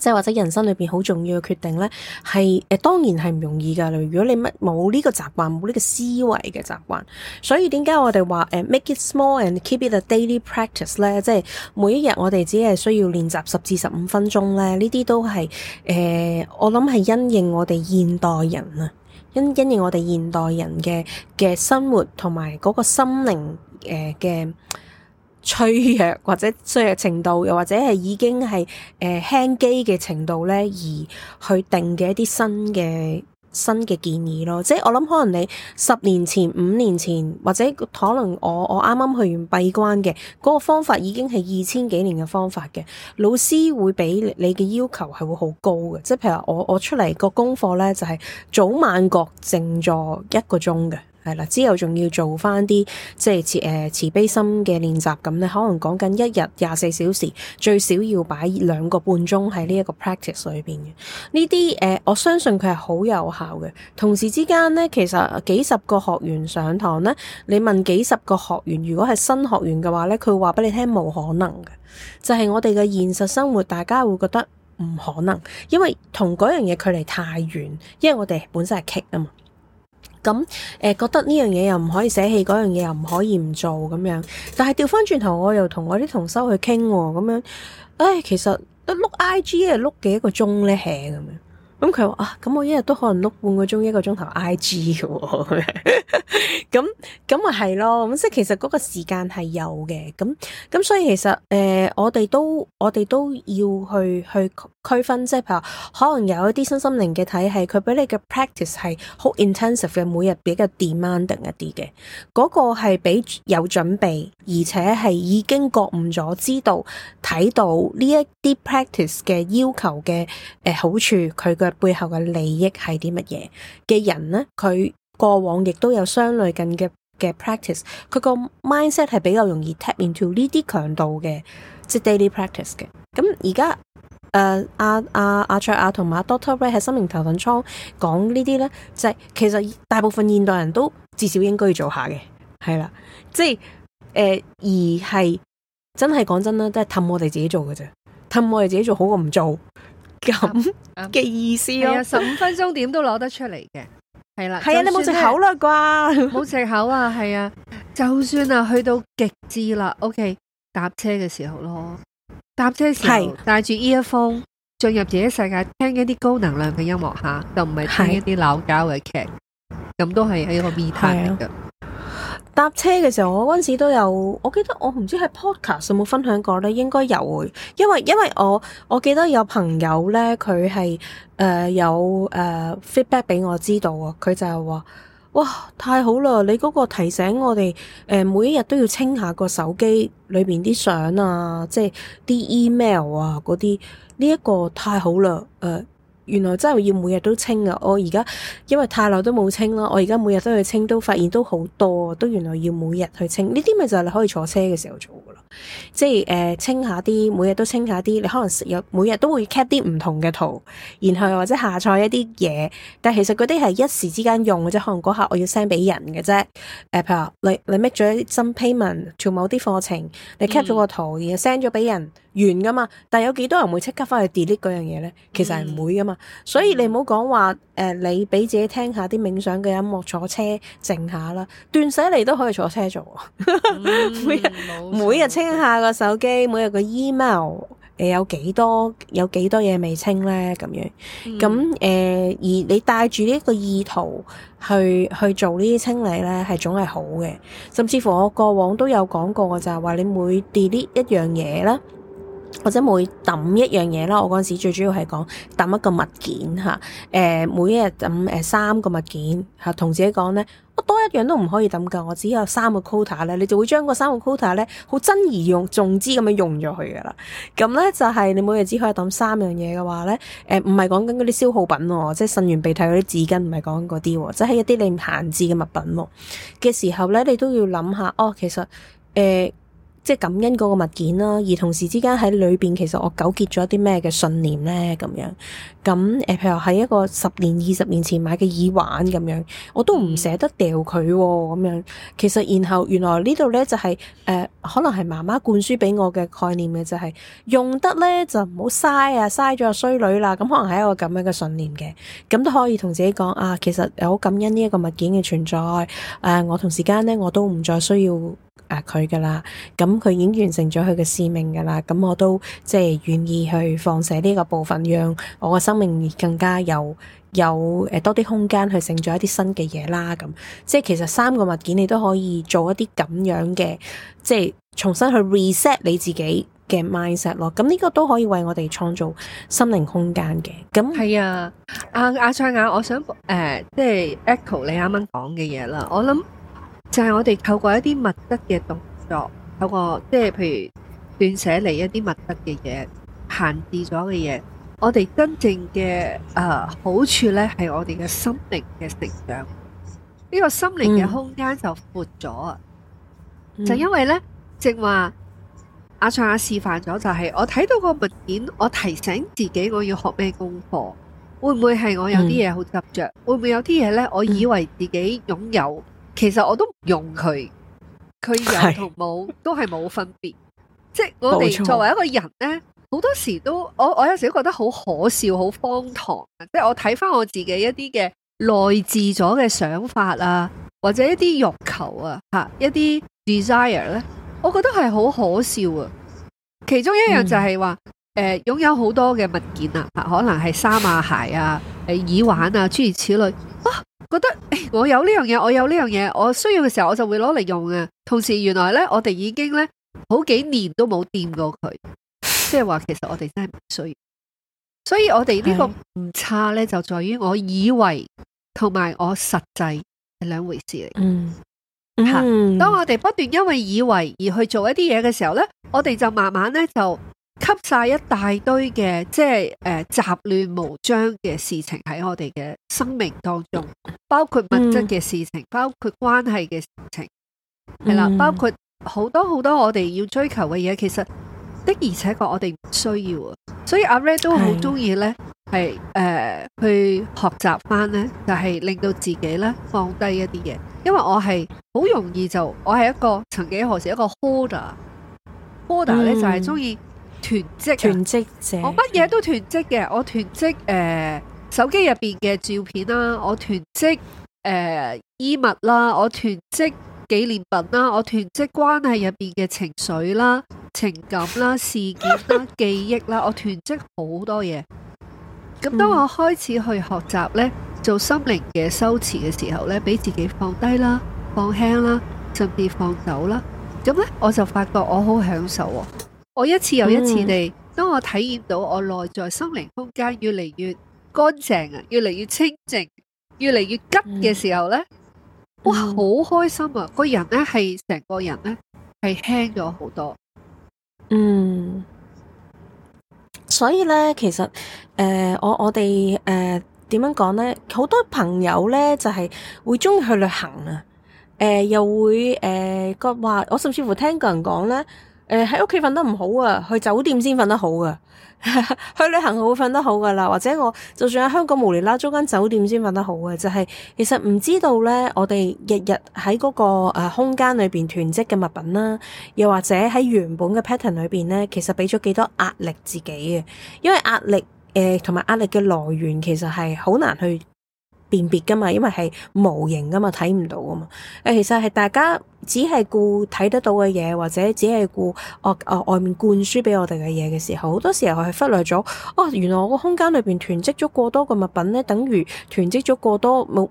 即係或者人生裏邊好重要嘅決定呢，係誒、呃、當然係唔容易噶啦。如果你乜冇呢個習慣，冇呢個思維嘅習慣，所以點解我哋話誒，make it small and keep it a daily practice 呢？即係每一日我哋只係需要練習十至十五分鐘呢。呢啲都係誒、呃，我諗係因應我哋現代人啊，因因應我哋現代人嘅嘅生活同埋嗰個心靈嘅。呃脆弱，或者脆弱程度，又或者係已經係誒輕機嘅程度咧，而去定嘅一啲新嘅新嘅建議咯。即係我諗，可能你十年前，五年前，或者可能我我啱啱去完閉關嘅嗰個方法，已經係二千幾年嘅方法嘅。老師會俾你嘅要求係會好高嘅。即係譬如話，我我出嚟個功課咧，就係早晚各靜坐一個鐘嘅。係啦，之後仲要做翻啲即係慈誒慈悲心嘅練習，咁咧可能講緊一日廿四小時，最少要擺兩個半鐘喺呢一個 practice 裏邊嘅。呢啲誒，我相信佢係好有效嘅。同時之間咧，其實幾十個學員上堂咧，你問幾十個學員，如果係新學員嘅話咧，佢話俾你聽冇可能嘅。就係我哋嘅現實生活，大家會覺得唔可能，因為同嗰樣嘢距離太遠，因為我哋本身係劇啊嘛。咁誒、嗯、覺得呢樣嘢又唔可以捨棄，嗰樣嘢又唔可以唔做咁樣。但係調翻轉頭，我又同我啲同修去傾喎，咁樣，唉，其實得碌 IG 一日碌幾個鐘咧 hea 咁樣。咁佢話啊，咁我一日都可能碌半個鐘一個鐘頭 IG 嘅，咁咁咪係咯，咁即係其實個時間係有嘅，咁咁所以其實誒、呃、我哋都我哋都要去去區分，即係譬如可能有一啲身心靈嘅體系，佢俾你嘅 practice 係好 intensive 嘅，每日比較 demanding 一啲嘅，嗰個係俾有準備，而且係已經覺悟咗知道睇到呢一啲 practice 嘅要求嘅誒、呃、好處，佢嘅。背後嘅利益係啲乜嘢嘅人呢，佢過往亦都有相類近嘅嘅 practice，佢個 mindset 係比較容易 tap into 呢啲強度嘅，即係 daily practice 嘅。咁而家誒阿阿阿卓亞同埋、啊、doctor Ray 喺心靈頭等艙講呢啲呢，就係其實大部分現代人都至少應該要做下嘅，係啦，即係誒而係真係講真啦，都係氹我哋自己做嘅啫，氹我哋自己做，自己做好過唔做。咁嘅這 意思啊，十五、啊、分鐘點都攞得出嚟嘅，係啦，係啊， 你冇借口啦啩，冇 借口啊，係啊，就算啊，去到極致啦，OK，搭車嘅時候咯，搭車時候帶住 earphone，進是、e、入自己世界，聽一啲高能量嘅音樂下、啊，就唔係聽一啲鬧交嘅劇，咁、啊、都係喺個 me time 嚟嘅。搭車嘅時候，我嗰陣時都有，我記得我唔知喺 Podcast 有冇分享過咧，應該有，因為因為我我記得有朋友咧，佢係誒有誒、呃、feedback 俾我知道啊，佢就係話哇太好啦，你嗰個提醒我哋誒、呃、每一日都要清下個手機裏面啲相啊，即係啲 email 啊嗰啲，呢一、呢個太好啦，誒、呃。原來真係要每日都清呀，我而家因為太耐都冇清啦，我而家每日都去清，都發現都好多呀，都原來要每日去清，呢啲咪就係你可以坐車嘅時候做噶啦。即係誒、呃、清一下啲，每日都清一下啲。你可能有每日都會 cap 啲唔同嘅圖，然後或者下載一啲嘢。但其實嗰啲係一時之間用嘅啫，可能嗰下我要 send 俾人嘅啫。譬、呃、如話你你 make 咗一啲 payment，做某啲課程，你 cap 咗個圖，然後 send 咗俾人完噶嘛。但係有幾多人會即刻翻去 delete 嗰樣嘢咧？其實係唔會噶嘛。嗯、所以你唔好講話誒，你俾自己聽一下啲冥想嘅音樂，坐車靜下啦，斷捨離都可以坐車做。 每日每日。清下個手機，每日個 email 誒有幾多有幾多嘢未清呢？咁、嗯、樣咁誒、呃，而你帶住呢一個意圖去去做呢啲清理呢，係總係好嘅。甚至乎我過往都有講過㗎，就係、是、話你每 delete 一樣嘢啦。或者每抌一樣嘢啦，我嗰陣時最主要係講抌一個物件嚇，誒每一日抌誒三個物件嚇，同自己講咧，我多一樣都唔可以抌㗎，我只有三個 quota 咧，你就會將嗰三個 quota 咧好珍而用重之咁樣用咗佢㗎啦。咁咧就係你每日只可以抌三樣嘢嘅話咧，誒唔係講緊嗰啲消耗品喎，即係擤完鼻涕嗰啲紙巾，唔係講緊嗰啲，即係一啲你唔閒置嘅物品喎嘅時候咧，你都要諗下，哦其實誒。呃即係感恩嗰個物件啦，而同時之間喺裏邊，其實我糾結咗啲咩嘅信念咧，咁樣咁誒，譬、呃、如喺一個十年、二十年前買嘅耳環咁樣，我都唔捨得掉佢咁樣。其實然後原來呢度咧就係、是、誒、呃，可能係媽媽灌輸俾我嘅概念嘅，就係、是、用得咧就唔好嘥啊，嘥咗個衰女啦。咁可能係一個咁樣嘅信念嘅，咁都可以同自己講啊。其實有感恩呢一個物件嘅存在，誒、呃，我同時間咧我都唔再需要。誒，佢噶啦，咁佢已經完成咗佢嘅使命噶啦，咁、嗯、我都即係願意去放射呢個部分，讓我嘅生命更加有有誒、呃、多啲空間去成就一啲新嘅嘢啦。咁、嗯、即係其實三個物件你都可以做一啲咁樣嘅，即係重新去 reset 你自己嘅 mindset 咯。咁、嗯、呢、這個都可以為我哋創造心靈空間嘅。咁、嗯、係啊，阿阿昌啊，我想誒、呃、即係 echo 你啱啱講嘅嘢啦。我諗。就係我哋透過一啲物質嘅動作，透過即係、就是、譬如斷捨離一啲物質嘅嘢，限制咗嘅嘢。我哋真正嘅誒、呃、好處呢，係我哋嘅心靈嘅成長。呢、這個心靈嘅空間就闊咗啊！嗯、就因為呢，正話阿尚阿示範咗，就係我睇到個物件，我提醒自己我要學咩功課，會唔會係我有啲嘢好執着？嗯、會唔會有啲嘢呢？我以為自己擁有、嗯。嗯其實我都唔用佢，佢有同冇 都係冇分別。即係我哋作為一個人呢，好錯多時都我我有時都覺得好可笑、好荒唐啊！即係我睇翻我自己一啲嘅內置咗嘅想法啊，或者一啲欲求啊，吓一啲 desire 呢，我覺得係好可笑啊！其中一樣就係話，誒、嗯，擁有好多嘅物件啊，可能係衫啊、鞋啊、誒耳環啊，諸如此類、啊覺得誒，我有呢樣嘢，我有呢樣嘢，我需要嘅時候我就會攞嚟用啊。同時原來呢，我哋已經呢好幾年都冇掂過佢，即係話其實我哋真係唔需要。所以我哋呢個唔差呢，就在於我以為同埋我實際係兩回事嚟。嗯，吓，當我哋不斷因為以為而去做一啲嘢嘅時候呢，我哋就慢慢呢就。吸晒一大堆嘅即係誒雜亂無章嘅事情喺我哋嘅生命當中，包括物質嘅事情，mm. 包括關係嘅事情，係、mm. 啦，包括好多好多我哋要追求嘅嘢，其實的而且確我哋唔需要啊。所以阿 Ray 都好中意呢，係誒的、呃、去學習翻呢，就係、是、令到自己呢放低一啲嘢，因為我係好容易就我係一個曾幾何時一個 Holder，Holder、mm. Holder、呢就係中意。囤積，我乜嘢都囤積嘅，我囤積手機入邊嘅照片啦，我囤積衣物啦，我囤積紀念品啦，我囤積關係入邊嘅情緒啦、情感啦、事件啦、記憶啦，我囤積好多嘢。咁當我開始去學習呢，做心靈嘅修持嘅時候呢，俾自己放低啦、放輕啦，甚至放走啦，咁呢，我就發覺我好享受啊、哦！我一次又一次地，mm. 當我體驗到我內在心靈空間越嚟越乾淨啊，越嚟越清淨，越嚟越急嘅時候呢，mm. 哇，好開心啊！人個人呢，係成個人呢，係輕咗好多。嗯，mm. 所以呢，其實誒、呃，我我哋誒點樣講呢？好、呃、多朋友呢，就係、是、會中意去旅行啊。誒、呃，又會誒個話，我甚至乎聽個人講呢。誒，喺屋企瞓得唔好啊，去酒店先瞓得好啊。 去旅行我會瞓得好噶啦，或者我就算喺香港無厘啦，租間酒店先瞓得好啊，就係、是、其實唔知道咧，我哋日日喺嗰個誒空間裏邊囤積嘅物品啦，又或者喺原本嘅 pattern 裏邊咧，其實畀咗幾多壓力自己嘅。因為壓力誒，同埋壓力嘅來源其實係好難去辨別㗎嘛，因為係模型㗎嘛，睇唔到㗎嘛。誒，其實係大家只係顧睇得到嘅嘢，或者只係顧哦哦外面灌輸俾我哋嘅嘢嘅時候，好多時候係忽略咗哦。原來我個空間裏邊囤積咗過多嘅物品咧，等於囤積咗過多冇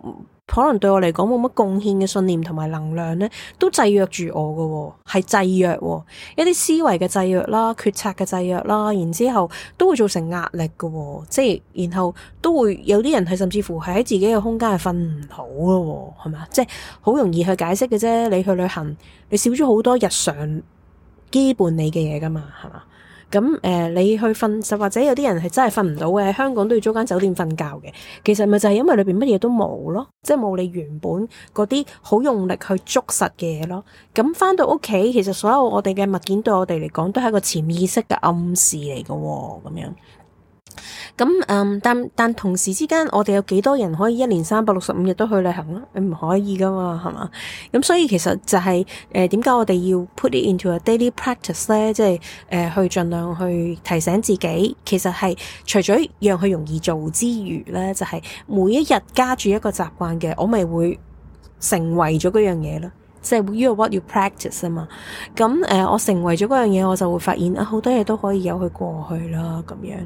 可能對我嚟講冇乜貢獻嘅信念同埋能量呢，都制約住我嘅、哦，係制約、哦、制約，一啲思維嘅制約啦，決策嘅制約啦，然之後都會造成壓力嘅、哦，即係然後都會有啲人係甚至乎係喺自己嘅空間係瞓唔好咯、哦，係嘛，即係好容易去解釋嘅啫，你去旅行，你少咗好多日常羈絆你嘅嘢噶嘛，係嘛。咁誒、呃，你去瞓，實或者有啲人係真係瞓唔到嘅，香港都要租間酒店瞓覺嘅。其實咪就係因為裏邊乜嘢都冇咯，即係冇你原本嗰啲好用力去捉實嘅嘢咯。咁返到屋企，其實所有我哋嘅物件對我哋嚟講都係一個潛意識嘅暗示嚟嘅喎，咁樣。咁嗯，但但同時之間，我哋有幾多人可以一年三百六十五日都去旅行？你唔可以噶嘛，係嘛？咁、嗯、所以其實就係、是、誒、點、呃、解我哋要 put it into a daily practice 咧？即係誒，去盡量去提醒自己，其實係除咗讓佢容易做之餘咧，就係、是、每一日加住一個習慣嘅，我咪會成為咗嗰樣嘢咯。即係 you are what you practice 啊嘛，咁、嗯、誒我成為咗嗰樣嘢，我就會發現啊好多嘢都可以由佢過去啦咁樣，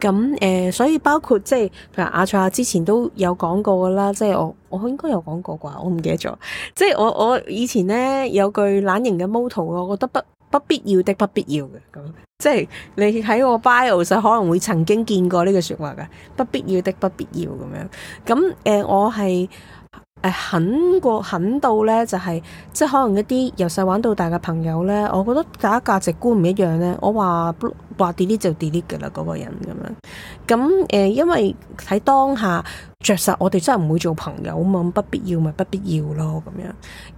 咁、嗯、誒、嗯、所以包括即係譬如阿卓亞之前都有講過噶啦，即係我我應該有講過啩，我唔記得咗，即係我我以前呢，有句懶型嘅 motto 我覺得不不必要的不必要嘅，咁即係你喺我 bio 上可能會曾經見過呢句説話噶，不必要的不必要咁樣，咁誒我係。狠過狠到呢，就係、是、即係可能一啲由細玩到大嘅朋友呢，我覺得大家價值觀唔一樣呢。我話話 delete 就 delete 嘅啦，嗰、那個人咁樣。咁誒、呃，因為喺當下着實，我哋真係唔會做朋友啊嘛，不必要咪不必要咯咁樣。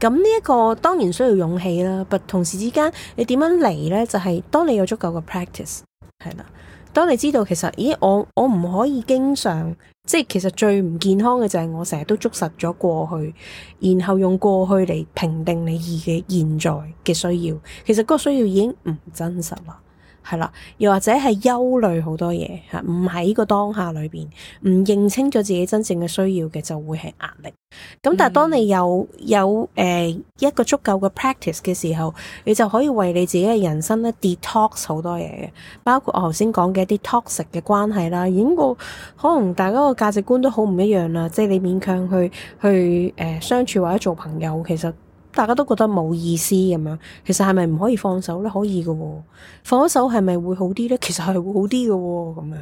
咁呢一個當然需要勇氣啦，但同時之間，你點樣嚟呢？就係、是、當你有足夠嘅 practice，係啦。當你知道其實，咦，我我唔可以經常，即係其實最唔健康嘅就係我成日都捉實咗過去，然後用過去嚟評定你而嘅現在嘅需要。其實嗰個需要已經唔真實啦。係啦，又或者係憂慮好多嘢吓，唔喺個當下裏邊，唔認清咗自己真正嘅需要嘅，就會係壓力。咁但係當你有有誒一個足夠嘅 practice 嘅時候，你就可以為你自己嘅人生咧 detox 好多嘢嘅，包括我頭先講嘅一啲 toxic 嘅關係啦。已經個可能大家個價值觀都好唔一樣啦，即係你勉強去去誒相處或者做朋友，其實。大家都覺得冇意思咁樣，其實係咪唔可以放手呢？可以噶放手係咪會好啲呢？其實係會好啲噶咁樣。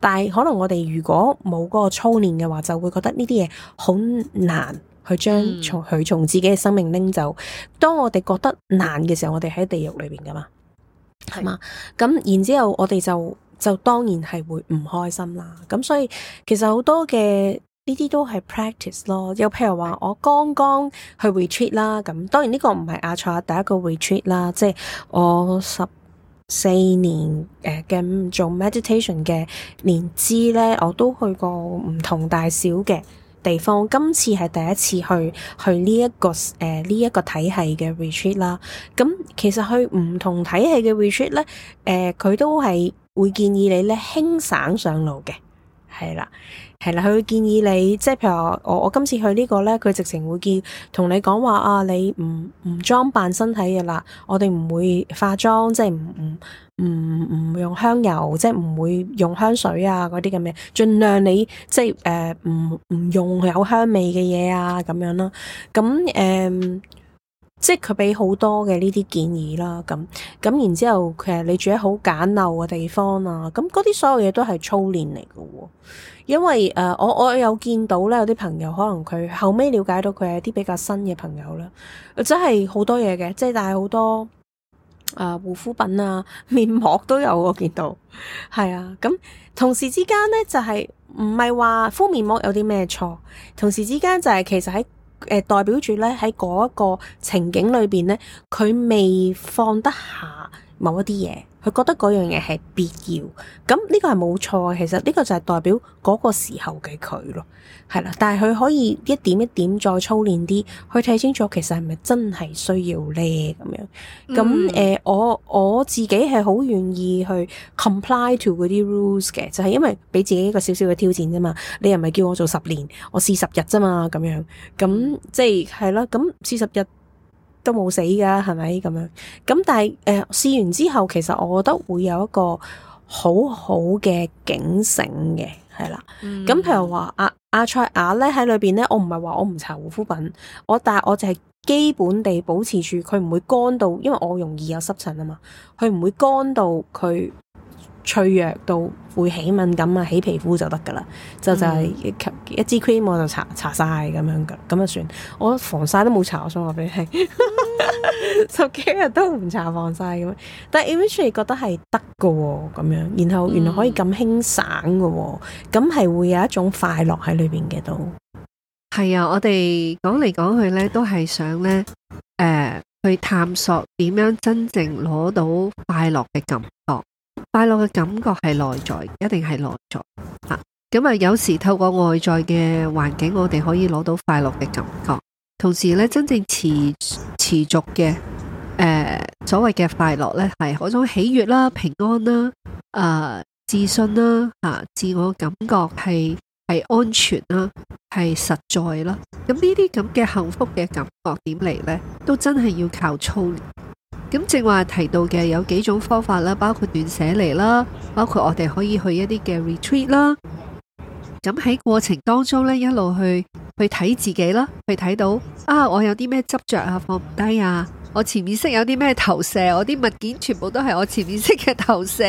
但係可能我哋如果冇嗰個操練嘅話，就會覺得呢啲嘢好難去將從佢從自己嘅生命拎走。當我哋覺得難嘅時候，我哋喺地獄裏邊噶嘛，係嘛？咁是然之後我哋就就當然係會唔開心啦。咁所以其實好多嘅。呢啲都係 practice 咯，又譬如話我剛剛去 retreat 啦，咁當然呢個唔係阿楚第一個 retreat 啦，即係我十四年誒咁做 meditation 嘅年資呢，我都去過唔同大小嘅地方，今次係第一次去去呢一個誒呢、呃、一個體系嘅 retreat 啦。咁其實去唔同體系嘅 retreat 呢，誒、呃、佢都係會建議你呢輕省上路嘅，係啦。係啦，佢會建議你即係譬如我我今次去呢個呢，佢直情會見同你講話啊，你唔唔裝扮身體嘅啦，我哋唔會化妝，即係唔唔唔唔用香油，即係唔會用香水啊嗰啲咁嘅，盡量你即係誒唔唔用有香味嘅嘢啊咁樣咯。咁誒、嗯，即係佢俾好多嘅呢啲建議啦。咁咁然之後，其實你住喺好簡陋嘅地方啊，咁嗰啲所有嘢都係操練嚟嘅。因為誒、呃，我我有見到咧，有啲朋友可能佢後尾了解到佢係一啲比較新嘅朋友啦，即係好多嘢嘅，即係帶好多誒護膚品啊、面膜都有我見到，係啊，咁、嗯、同時之間呢，就係唔係話敷面膜有啲咩錯？同時之間就係其實喺誒、呃、代表住呢，喺嗰一個情景裏邊呢，佢未放得下。某一啲嘢，佢覺得嗰樣嘢係必要，咁呢個係冇錯，其實呢個就係代表嗰個時候嘅佢咯，係啦。但係佢可以一點一點再操練啲，去睇清楚其實係咪真係需要呢。咁樣。咁誒、mm hmm。呃，我我自己係好願意去 comply to 嗰啲 rules 嘅，就係因為俾自己一個少少嘅挑戰啫嘛。你又唔係叫我做十年？我試十日啫嘛，咁樣咁即係係啦。咁四十日而已而已。都冇死噶，係咪咁樣？咁但係誒，試、呃、完之後，其實我覺得會有一個好好嘅警醒嘅，係啦。咁、嗯、譬如話阿阿塞雅呢喺裏邊呢，我唔係話我唔搽護膚品，我但係我就係基本地保持住，佢唔會乾到，因為我容易有濕疹啊嘛，佢唔會乾到佢。脆弱到會起敏感啊，起皮膚就得噶啦，嗯、就就係一支 cream 我就搽搽晒咁樣噶，咁啊算，我防晒都冇搽，我想話俾你聽。嗯、 十幾日都唔搽防晒咁。但係 imagine 覺得係得噶喎，咁樣，然後原來可以咁輕省噶，咁係、嗯、會有一種快樂喺裏邊嘅都。係啊，我哋講嚟講去呢，都係想呢，誒、呃，去探索點樣真正攞到快樂嘅感覺。快樂嘅感覺係內在，一定係內在吓。咁啊，有時透過外在嘅環境，我哋可以攞到快樂嘅感覺。同時咧，真正持持續嘅誒、呃，所謂嘅快樂咧，係嗰種喜悦啦、平安啦、誒、呃、自信啦吓、啊、自我感覺係係安全啦、係實在啦。咁呢啲咁嘅幸福嘅感覺點嚟呢？都真係要靠操練。咁正話提到嘅有幾種方法啦，包括斷捨離啦，包括我哋可以去一啲嘅 retreat 啦。咁喺過程當中呢，一路去去睇自己啦，去睇到啊，我有啲咩執着啊，放唔低啊，我潛意識有啲咩投射，我啲物件全部都係我潛意識嘅投射。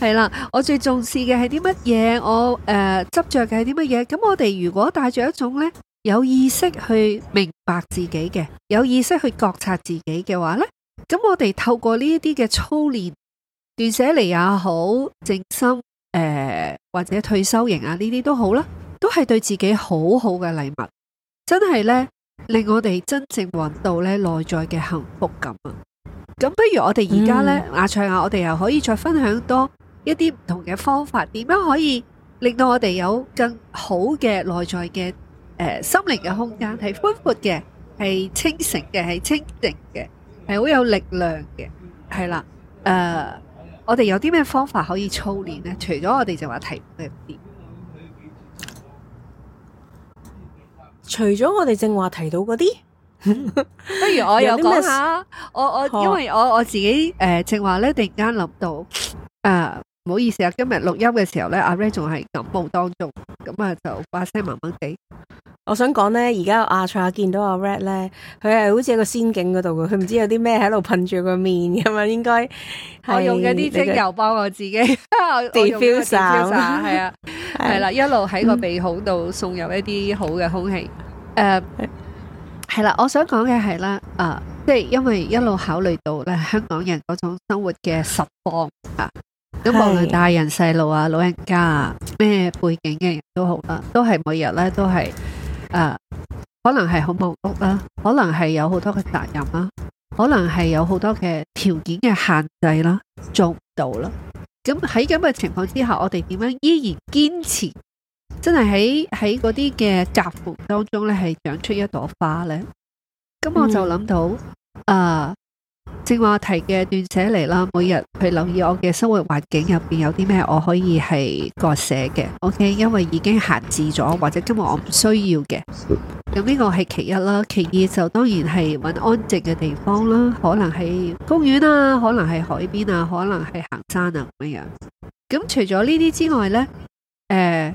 係啦，我最重視嘅係啲乜嘢，我誒執着嘅係啲乜嘢。咁、呃、我哋如果帶住一種呢，有意識去明白自己嘅，有意識去覺察自己嘅話呢。咁我哋透過呢一啲嘅操練、斷捨離也好、靜心誒、呃、或者退休營啊呢啲都好啦，都係對自己好好嘅禮物，真係呢，令我哋真正揾到呢內在嘅幸福感啊！咁不如我哋而家呢，嗯、阿卓啊，我哋又可以再分享多一啲唔同嘅方法，點樣可以令到我哋有更好嘅內在嘅、呃、心靈嘅空間，係寬闊嘅，係清醒嘅，係清靜嘅。係好有力量嘅，係啦，誒、uh,，我哋有啲咩方法可以操練呢？除咗我哋正話提到嘅啲，除咗我哋正話提到嗰啲，不如我又講下，我我 因為我我自己誒正話咧，突然間諗到，啊、呃、唔好意思啊，今日錄音嘅時候咧，阿 Ray 仲係感冒當中，咁啊就把聲慢慢地。我想講咧，而家阿 Char 見到阿 Rat 咧，佢係好似喺個仙境嗰度嘅，佢唔知有啲咩喺度噴住個面咁啊！應該我用一啲精油幫我自己，iff 我用個 Diffuser，係啊，係啦、啊，一路喺個鼻孔度送入一啲好嘅空氣。誒，係啦，我想講嘅係啦，誒、啊，即係因為一路考慮到咧，香港人嗰種生活嘅實況啊，咁無論大人細路啊，老人家啊，咩背景嘅人都好啦，都係每日咧都係。誒、uh, 啊，可能係好忙碌啦，可能係有好多嘅責任啦，可能係有好多嘅條件嘅限制啦、啊，做唔到啦、啊。咁喺咁嘅情況之下，我哋點樣依然堅持真？真係喺喺嗰啲嘅夾縫當中呢，係長出一朵花呢？咁我就諗到，誒、嗯。Uh, 正話我提嘅斷捨離啦，每日去留意我嘅生活環境入邊有啲咩我可以係割捨嘅，OK，因為已經閒置咗，或者今日我唔需要嘅。咁呢個係其一啦，其二就當然係揾安靜嘅地方啦，可能係公園啊，可能係海邊啊，可能係行山啊咁樣。咁除咗呢啲之外呢。誒、欸。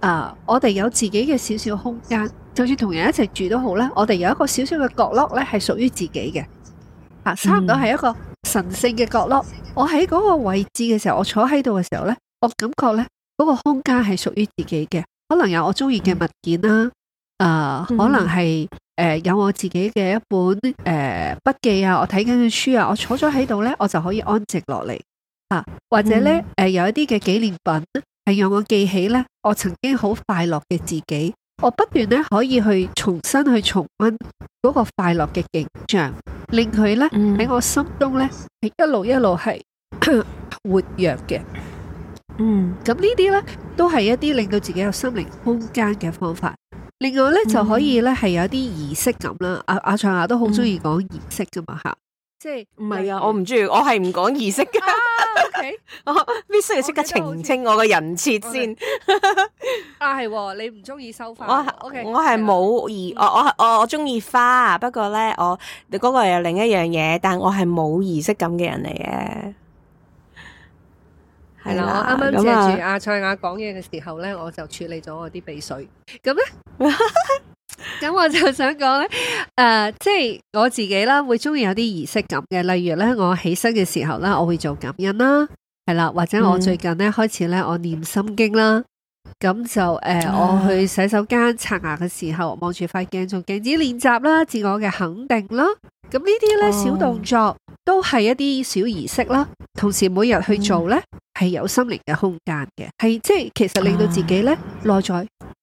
啊！Uh, 我哋有自己嘅少少空間，就算同人一齊住都好啦。我哋有一個少少嘅角落咧，係屬於自己嘅，啊。差唔多係一個神聖嘅角落。Mm-hmm. 我喺嗰個位置嘅時候，我坐喺度嘅時候呢，我感覺呢嗰個空間係屬於自己嘅。可能有我中意嘅物件啦，Mm-hmm. 啊，可能係誒、呃、有我自己嘅一本誒筆、呃、記啊，我睇緊嘅書啊，我坐咗喺度呢，我就可以安靜落嚟啊。或者呢，誒、呃、有一啲嘅紀念品。係讓我記起咧，我曾經好快樂嘅自己。我不斷咧可以去重新去重溫嗰個快樂嘅景象，令佢咧喺我心中咧係一路一路係 活躍嘅。嗯，咁呢啲咧都係一啲令到自己有心靈空間嘅方法。另外咧、嗯、就可以咧係有啲儀式感啦。阿阿長牙都好中意講儀式噶嘛，吓。即係唔係啊！嗯、我唔中意，我係唔講儀式嘅。啊、o、okay、K， 我必須要即刻澄清我嘅人設先。 啊係喎，你唔中意收花。我我係冇儀，我我我我中意花，不過咧我嗰、嗰個係有另一樣嘢，但我係冇儀式感嘅人嚟嘅。係啦的，了我啱啱借住阿蔡雅講嘢嘅時候咧，我就處理咗我啲鼻水。咁。 咁我就想講咧，誒、呃，即、就、係、是、我自己啦，會中意有啲儀式感嘅，例如咧，我起身嘅時候咧，我會做感恩啦，係啦，或者我最近咧、嗯、開始咧，我念心經啦，咁就誒，呃嗯、我去洗手間刷牙嘅時候，望住塊鏡做鏡子練習啦，自我嘅肯定啦，咁呢啲咧小動作都係一啲小儀式啦，同時每日去做咧，係、嗯、有心靈嘅空間嘅，係即係其實令到自己咧內在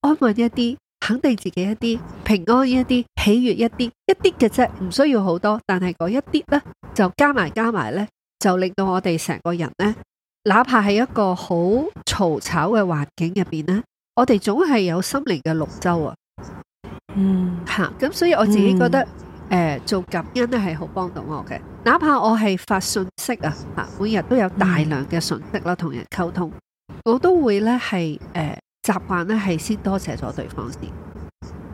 安穩一啲。肯定自己一啲，平安一啲，喜悅一啲一啲嘅啫，唔需要好多，但係嗰一啲咧就加埋加埋咧，就令到我哋成個人咧，哪怕係一個好嘈吵嘅環境入邊咧，我哋總係有心靈嘅綠洲啊！嗯、mm. 啊，吓咁，所以我自己覺得誒、mm. 呃，做感恩咧係好幫到我嘅。哪怕我係發信息啊，吓、啊、每日都有大量嘅信息啦、啊，同人溝通，mm. 我都會咧係誒。習慣呢係先多謝咗對方先，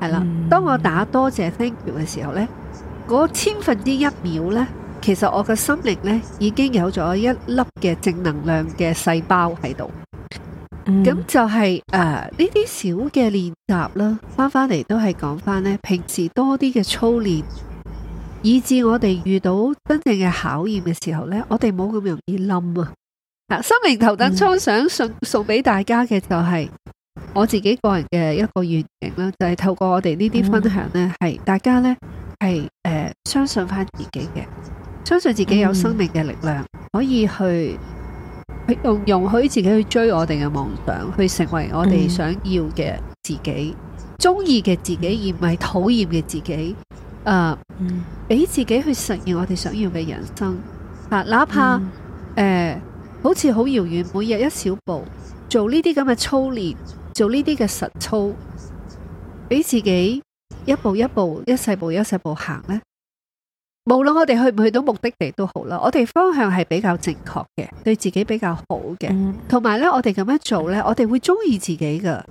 係啦。當我打多謝 thank you 嘅時候呢，嗰千分之一秒呢，其實我嘅心靈呢已經有咗一粒嘅正能量嘅細胞喺度。咁、mm. 就係、是、誒、呃、呢啲小嘅練習啦，翻返嚟都係講翻呢平時多啲嘅操練，以至我哋遇到真正嘅考驗嘅時候呢，我哋冇咁容易冧啊！啊，心靈頭等艙想送、mm. 送俾大家嘅就係、是。我自己個人嘅一個願景啦，就係、是、透過我哋呢啲分享呢，係、mm. 大家呢，係誒、呃、相信翻自己嘅，相信自己有生命嘅力量，mm. 可以去去容容許自己去追我哋嘅夢想，去成為我哋想要嘅自己，中意嘅自己，而唔係討厭嘅自己。誒、呃，俾自己去實現我哋想要嘅人生。嗱，哪怕誒、mm. 呃、好似好遙遠，每日一小步，做呢啲咁嘅操練。做呢啲嘅實操，俾自己一步一步、一細步一細步行呢，無論我哋去唔去到目的地都好啦，我哋方向係比較正確嘅，對自己比較好嘅。同埋呢，我哋咁樣做呢，我哋會中意自己噶，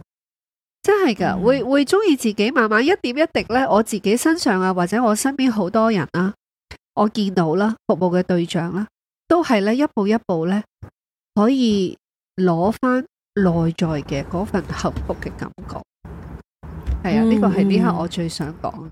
真係噶，會會中意自己。慢慢一點一滴呢，我自己身上啊，或者我身邊好多人啊，我見到啦、啊，服務嘅對象啦、啊，都係呢，一步一步呢，可以攞翻。內在嘅嗰份幸福嘅感覺，係啊，呢個係呢刻我最想講。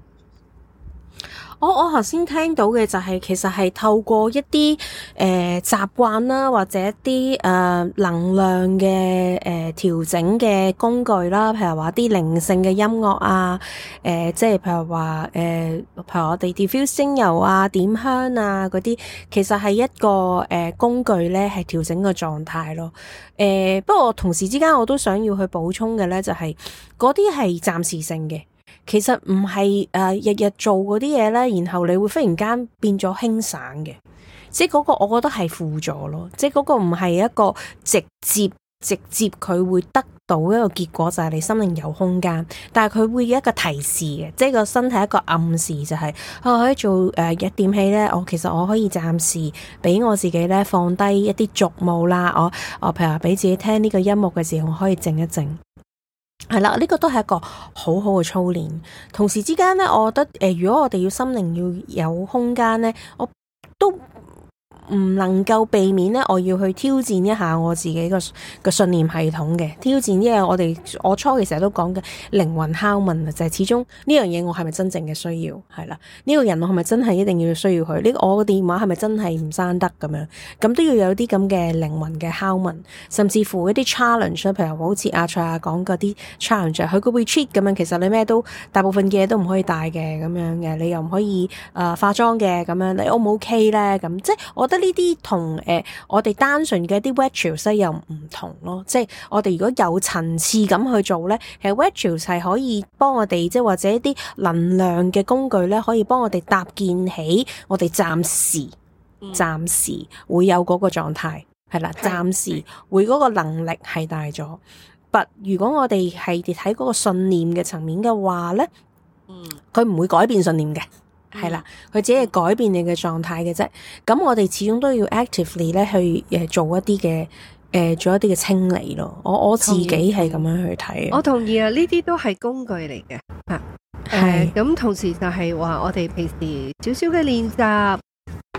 哦、我我頭先聽到嘅就係、是、其實係透過一啲誒、呃、習慣啦，或者一啲誒、呃、能量嘅誒、呃、調整嘅工具啦，譬如話啲靈性嘅音樂啊，誒、呃、即係譬如話誒、呃，譬如我哋 diffuse 精油啊、點香啊嗰啲，其實係一個誒、呃、工具咧，係調整個狀態咯。誒、呃、不過同時之間我都想要去補充嘅咧、就是，就係嗰啲係暫時性嘅。其實唔係誒，日、呃、日做嗰啲嘢咧，然後你會忽然間變咗輕省嘅，即係嗰個我覺得係輔助咯，即係嗰個唔係一個直接直接佢會得到一個結果就係、是、你心靈有空間，但係佢會有一個提示嘅，即係個身體一個暗示就係、是，我、哦、可以做誒、呃、一點氣咧，我、哦、其實我可以暫時俾我自己咧放低一啲俗務啦，我我譬如話俾自己聽呢個音樂嘅時候，我可以靜一靜。係啦，呢個都係一個好好嘅操練。同時之間呢，我覺得，誒、呃，如果我哋要心靈要有空間呢，我都。唔能夠避免呢，我要去挑戰一下我自己個個信念系統嘅挑戰。因為我哋我初期成日都講嘅靈魂拷問，就係、是、始終呢樣嘢我係咪真正嘅需要？係啦，呢、這個人我係咪真係一定要需要佢？呢我個電話係咪真係唔生得咁樣？咁都要有啲咁嘅靈魂嘅拷問，甚至乎一啲 challenge，譬如好似阿蔡啊講嗰啲 challenge，佢個 retreat 咁樣，其實你咩都大部分嘅嘢都唔可以帶嘅咁樣嘅，你又唔可以誒、呃、化妝嘅咁樣，你 O 唔 OK 咧？咁即係我覺得。呢啲同誒，我哋單純嘅啲 virtual 又唔同咯，即係我哋如果有層次咁去做咧，其實 virtual 係可以幫我哋，即係或者一啲能量嘅工具咧，可以幫我哋搭建起我哋暫時、暫時會有嗰個狀態，係啦，暫時會嗰個能力係大咗。But，如果我哋係跌喺嗰個信念嘅層面嘅話咧，嗯，佢唔會改變信念嘅。係啦，佢只係改變你嘅狀態嘅啫。咁我哋始終都要 actively 咧去誒做一啲嘅誒做一啲嘅清理咯。我我自己係咁樣去睇。我同意啊，呢啲都係工具嚟嘅啊。係咁是、嗯嗯，同時就係話我哋平時少少嘅練習，誒、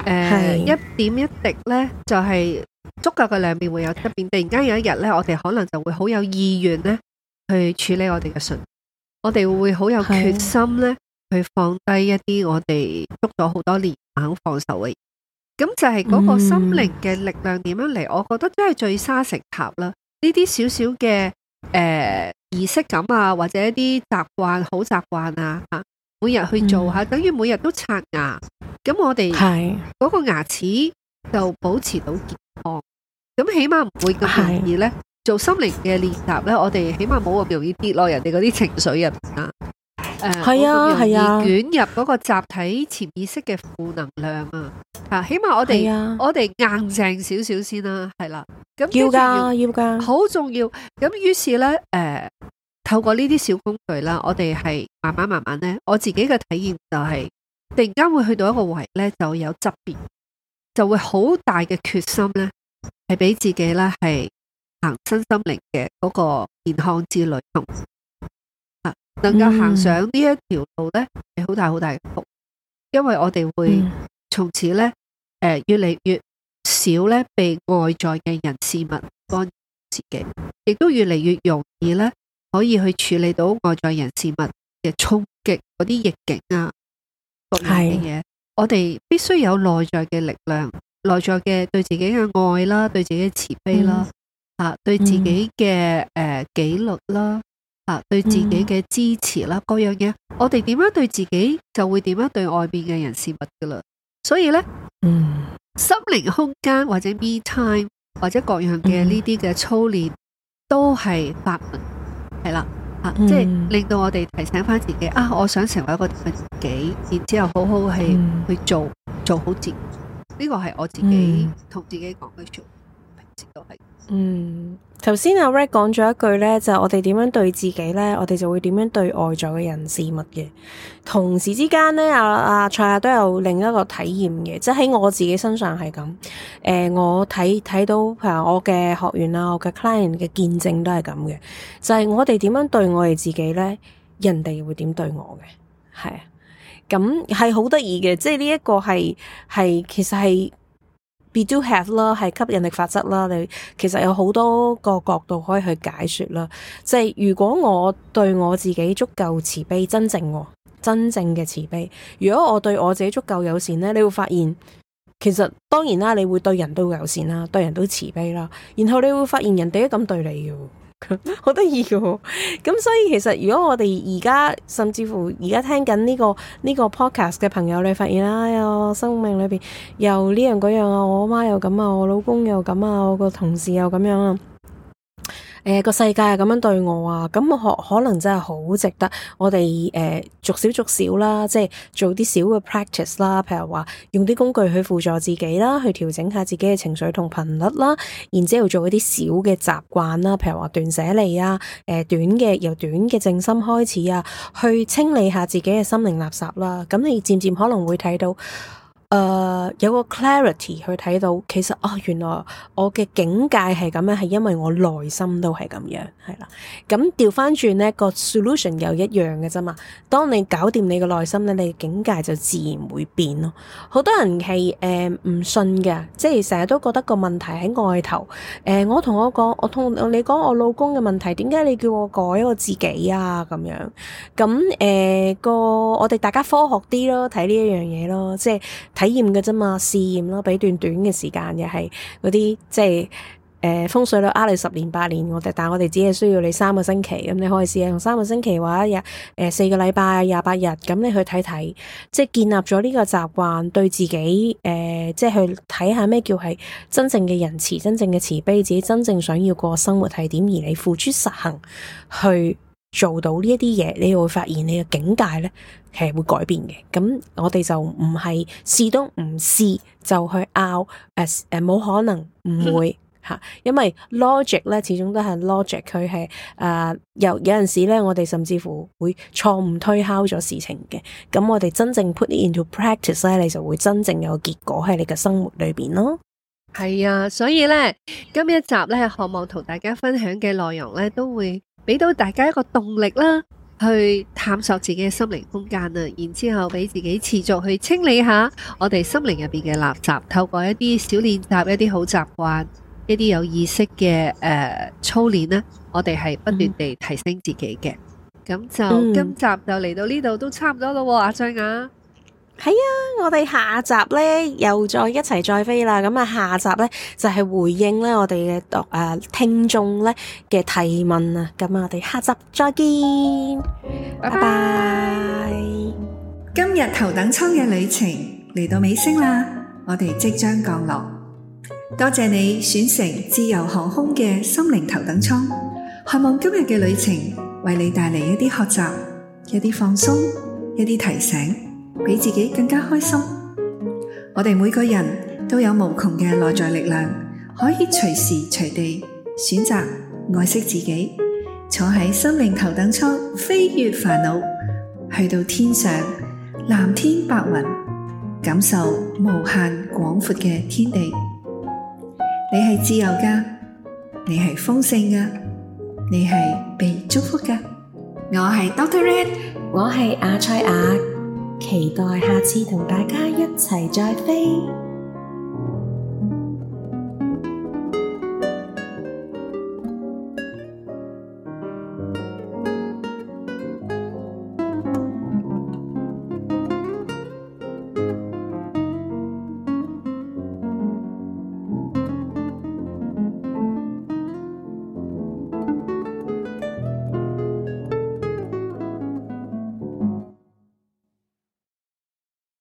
呃、是一點一滴咧就係足夠嘅兩邊會有得邊。突然間有一日咧，我哋可能就會好有意願咧去處理我哋嘅信，我哋會好有決心咧。去放低一啲我哋捉咗好多年唔肯放手嘅嘢，咁就係嗰個心靈嘅力量點樣嚟？嗯、我覺得真係聚沙成塔啦！呢啲小小嘅誒儀式感啊，或者一啲習慣好習慣啊，啊，每日去做下，嗯、等於每日都刷牙，咁我哋係嗰個牙齒就保持到健康，咁起碼唔會咁容易呢。的做心靈嘅練習呢，我哋起碼冇咁容易跌落人哋嗰啲情緒入邊啊。係、呃、啊，係啊，捲入嗰個集體潛意識嘅負能量啊！啊，啊，起碼我哋、啊、我哋硬淨少少先啦、啊，係啦、啊，咁、嗯、要噶的，要噶，好重要。咁於的是咧，誒、呃，透過呢啲小工具啦，我哋係慢慢慢慢咧，我自己嘅體驗就係、是，突然間會去到一個位咧，就有質變，就會好大嘅決心咧，係俾自己咧係行身心靈嘅嗰個健康之旅。能夠行上呢一條路呢，係好大好大嘅福，因為我哋會從此呢，誒、嗯呃、越嚟越少呢，被外在嘅人事物干擾自己，亦都越嚟越容易呢，可以去處理到外在人事物嘅衝擊嗰啲逆境啊，各樣嘅嘢，是我哋必須有內在嘅力量，內在嘅對自己嘅愛啦，對自己嘅慈悲啦，嗯、啊，對自己嘅誒紀律啦。啊，對自己嘅支持啦，嗯、各樣嘢，我哋點樣對自己，就會點樣對外面嘅人事物噶啦。所以呢，嗯，心靈空間或者 me time 或者各樣嘅呢啲嘅操練，嗯、都係法門，係啦，嗯、啊，即係令到我哋提醒翻自己啊，我想成為一個自己，然之後好好去去做、嗯、做好自己。呢、這個係我自己同、嗯、自己講嘅說話，平時都係嗯。頭先阿 Ray 講咗一句咧，就係、我哋點樣對自己咧，我哋就會點樣對外在嘅人事物嘅。同時之間咧，阿、啊、阿、啊、蔡都有另一個體驗嘅，即係喺我自己身上係咁。誒、呃，我睇睇到，譬如我嘅學員啊，我嘅 client 嘅見證都係咁嘅，就係、是、我哋點樣對我哋自己咧，人哋會點對我嘅，係啊，咁係好得意嘅，即係呢一個係係其實係。Be do have 啦，係吸引力法則啦。你其實有好多個角度可以去解說啦。即係如果我對我自己足夠慈悲，真正真正嘅慈悲，如果我對我自己足夠友善呢，你會發現，其實當然啦，你會對人都友善啦，對人都慈悲啦。然後你會發現人哋都咁對你嘅。 好得意嘅，咁 所以其實如果我哋而家甚至乎而家聽緊呢、呢個呢、呢個 podcast 嘅朋友，你發現啦，喺、哎、我生命裏邊又呢樣嗰樣啊，我阿媽又咁啊，我老公又咁啊，我個同事又咁樣啊。誒，個世界係咁樣對我啊，咁我可可能真係好值得我哋誒、呃，逐少逐少啦，即係做啲小嘅 practice 啦，譬如話用啲工具去輔助自己啦，去調整下自己嘅情緒同頻率啦，然之後做一啲小嘅習慣啦，譬如話斷捨離啊，誒，短嘅由短嘅靜心開始啊，去清理下自己嘅心靈垃圾啦，咁你漸漸可能會睇到。誒，uh, 有個 clarity 去睇到，其實啊、哦，原來我嘅境界係咁樣，係因為我內心都係咁樣，係啦。咁調翻轉呢個 solution 又一樣嘅啫嘛。當你搞掂你嘅內心咧，你嘅境界就自然會變咯。好多人係誒唔信嘅，即係成日都覺得個問題喺外頭。誒、呃，我同我講，我同你講，我老公嘅問題，點解你叫我改我自己啊？咁樣咁誒、嗯呃，個我哋大家科學啲咯，睇呢一樣嘢咯，即係。體驗嘅啫嘛，試驗咯，俾段短嘅時間，又係嗰啲即係誒、呃、風水佬呃你十年八年我哋，但我哋只係需要你三個星期，咁你可以試下用三個星期或者誒、呃、四個禮拜廿八日，咁你去睇睇，即係建立咗呢個習慣，對自己誒、呃、即係去睇下咩叫係真正嘅仁慈、真正嘅慈悲，自己真正想要過嘅生活係點，而你付諸實行去。做到呢一啲嘢，你會發現你嘅境界咧係會改變嘅。咁我哋就唔係試都唔試就去拗誒，冇可能唔會吓，嗯、因為 logic 呢，始終都係 logic。佢係誒有有陣時咧，我哋甚至乎會錯誤推敲咗事情嘅。咁我哋真正 put it into practice 呢，你就會真正有結果喺你嘅生活裏邊咯。係啊，所以呢，今一集咧，渴望同大家分享嘅內容呢，都會。俾到大家一個動力啦，去探索自己嘅心靈空間啊！然之後俾自己持續去清理下我哋心靈入邊嘅垃圾，透過一啲小練習、一啲好習慣、一啲有意識嘅誒、呃、操練咧，我哋係不斷地提升自己嘅。咁、嗯、就今集就嚟到呢度都差唔多啦，阿張雅、啊。係啊，我哋下集呢，又再一齊再飛啦。咁、嗯、啊，下集呢，就係、是、回應呢我哋嘅讀誒聽眾咧嘅提問啊。咁、嗯、啊，我哋下集再見，拜拜 bye。今日頭等艙嘅旅程嚟到尾聲啦，我哋即將降落。多謝你選乘自由航空嘅心靈頭等艙，希望今日嘅旅程為你帶嚟一啲學習、一啲放鬆、一啲提醒。畀自己更加開心。我哋每個人都有無窮嘅內在力量，可以隨時隨地選擇愛惜自己，坐喺心靈頭等艙，飛越煩惱，去到天上，藍天白雲，感受無限廣闊嘅天地。你係自由㗎，你係豐盛㗎，你係被祝福㗎。我係 Doctor Red，我係阿菜亞。期待下次同大家一齊再飛。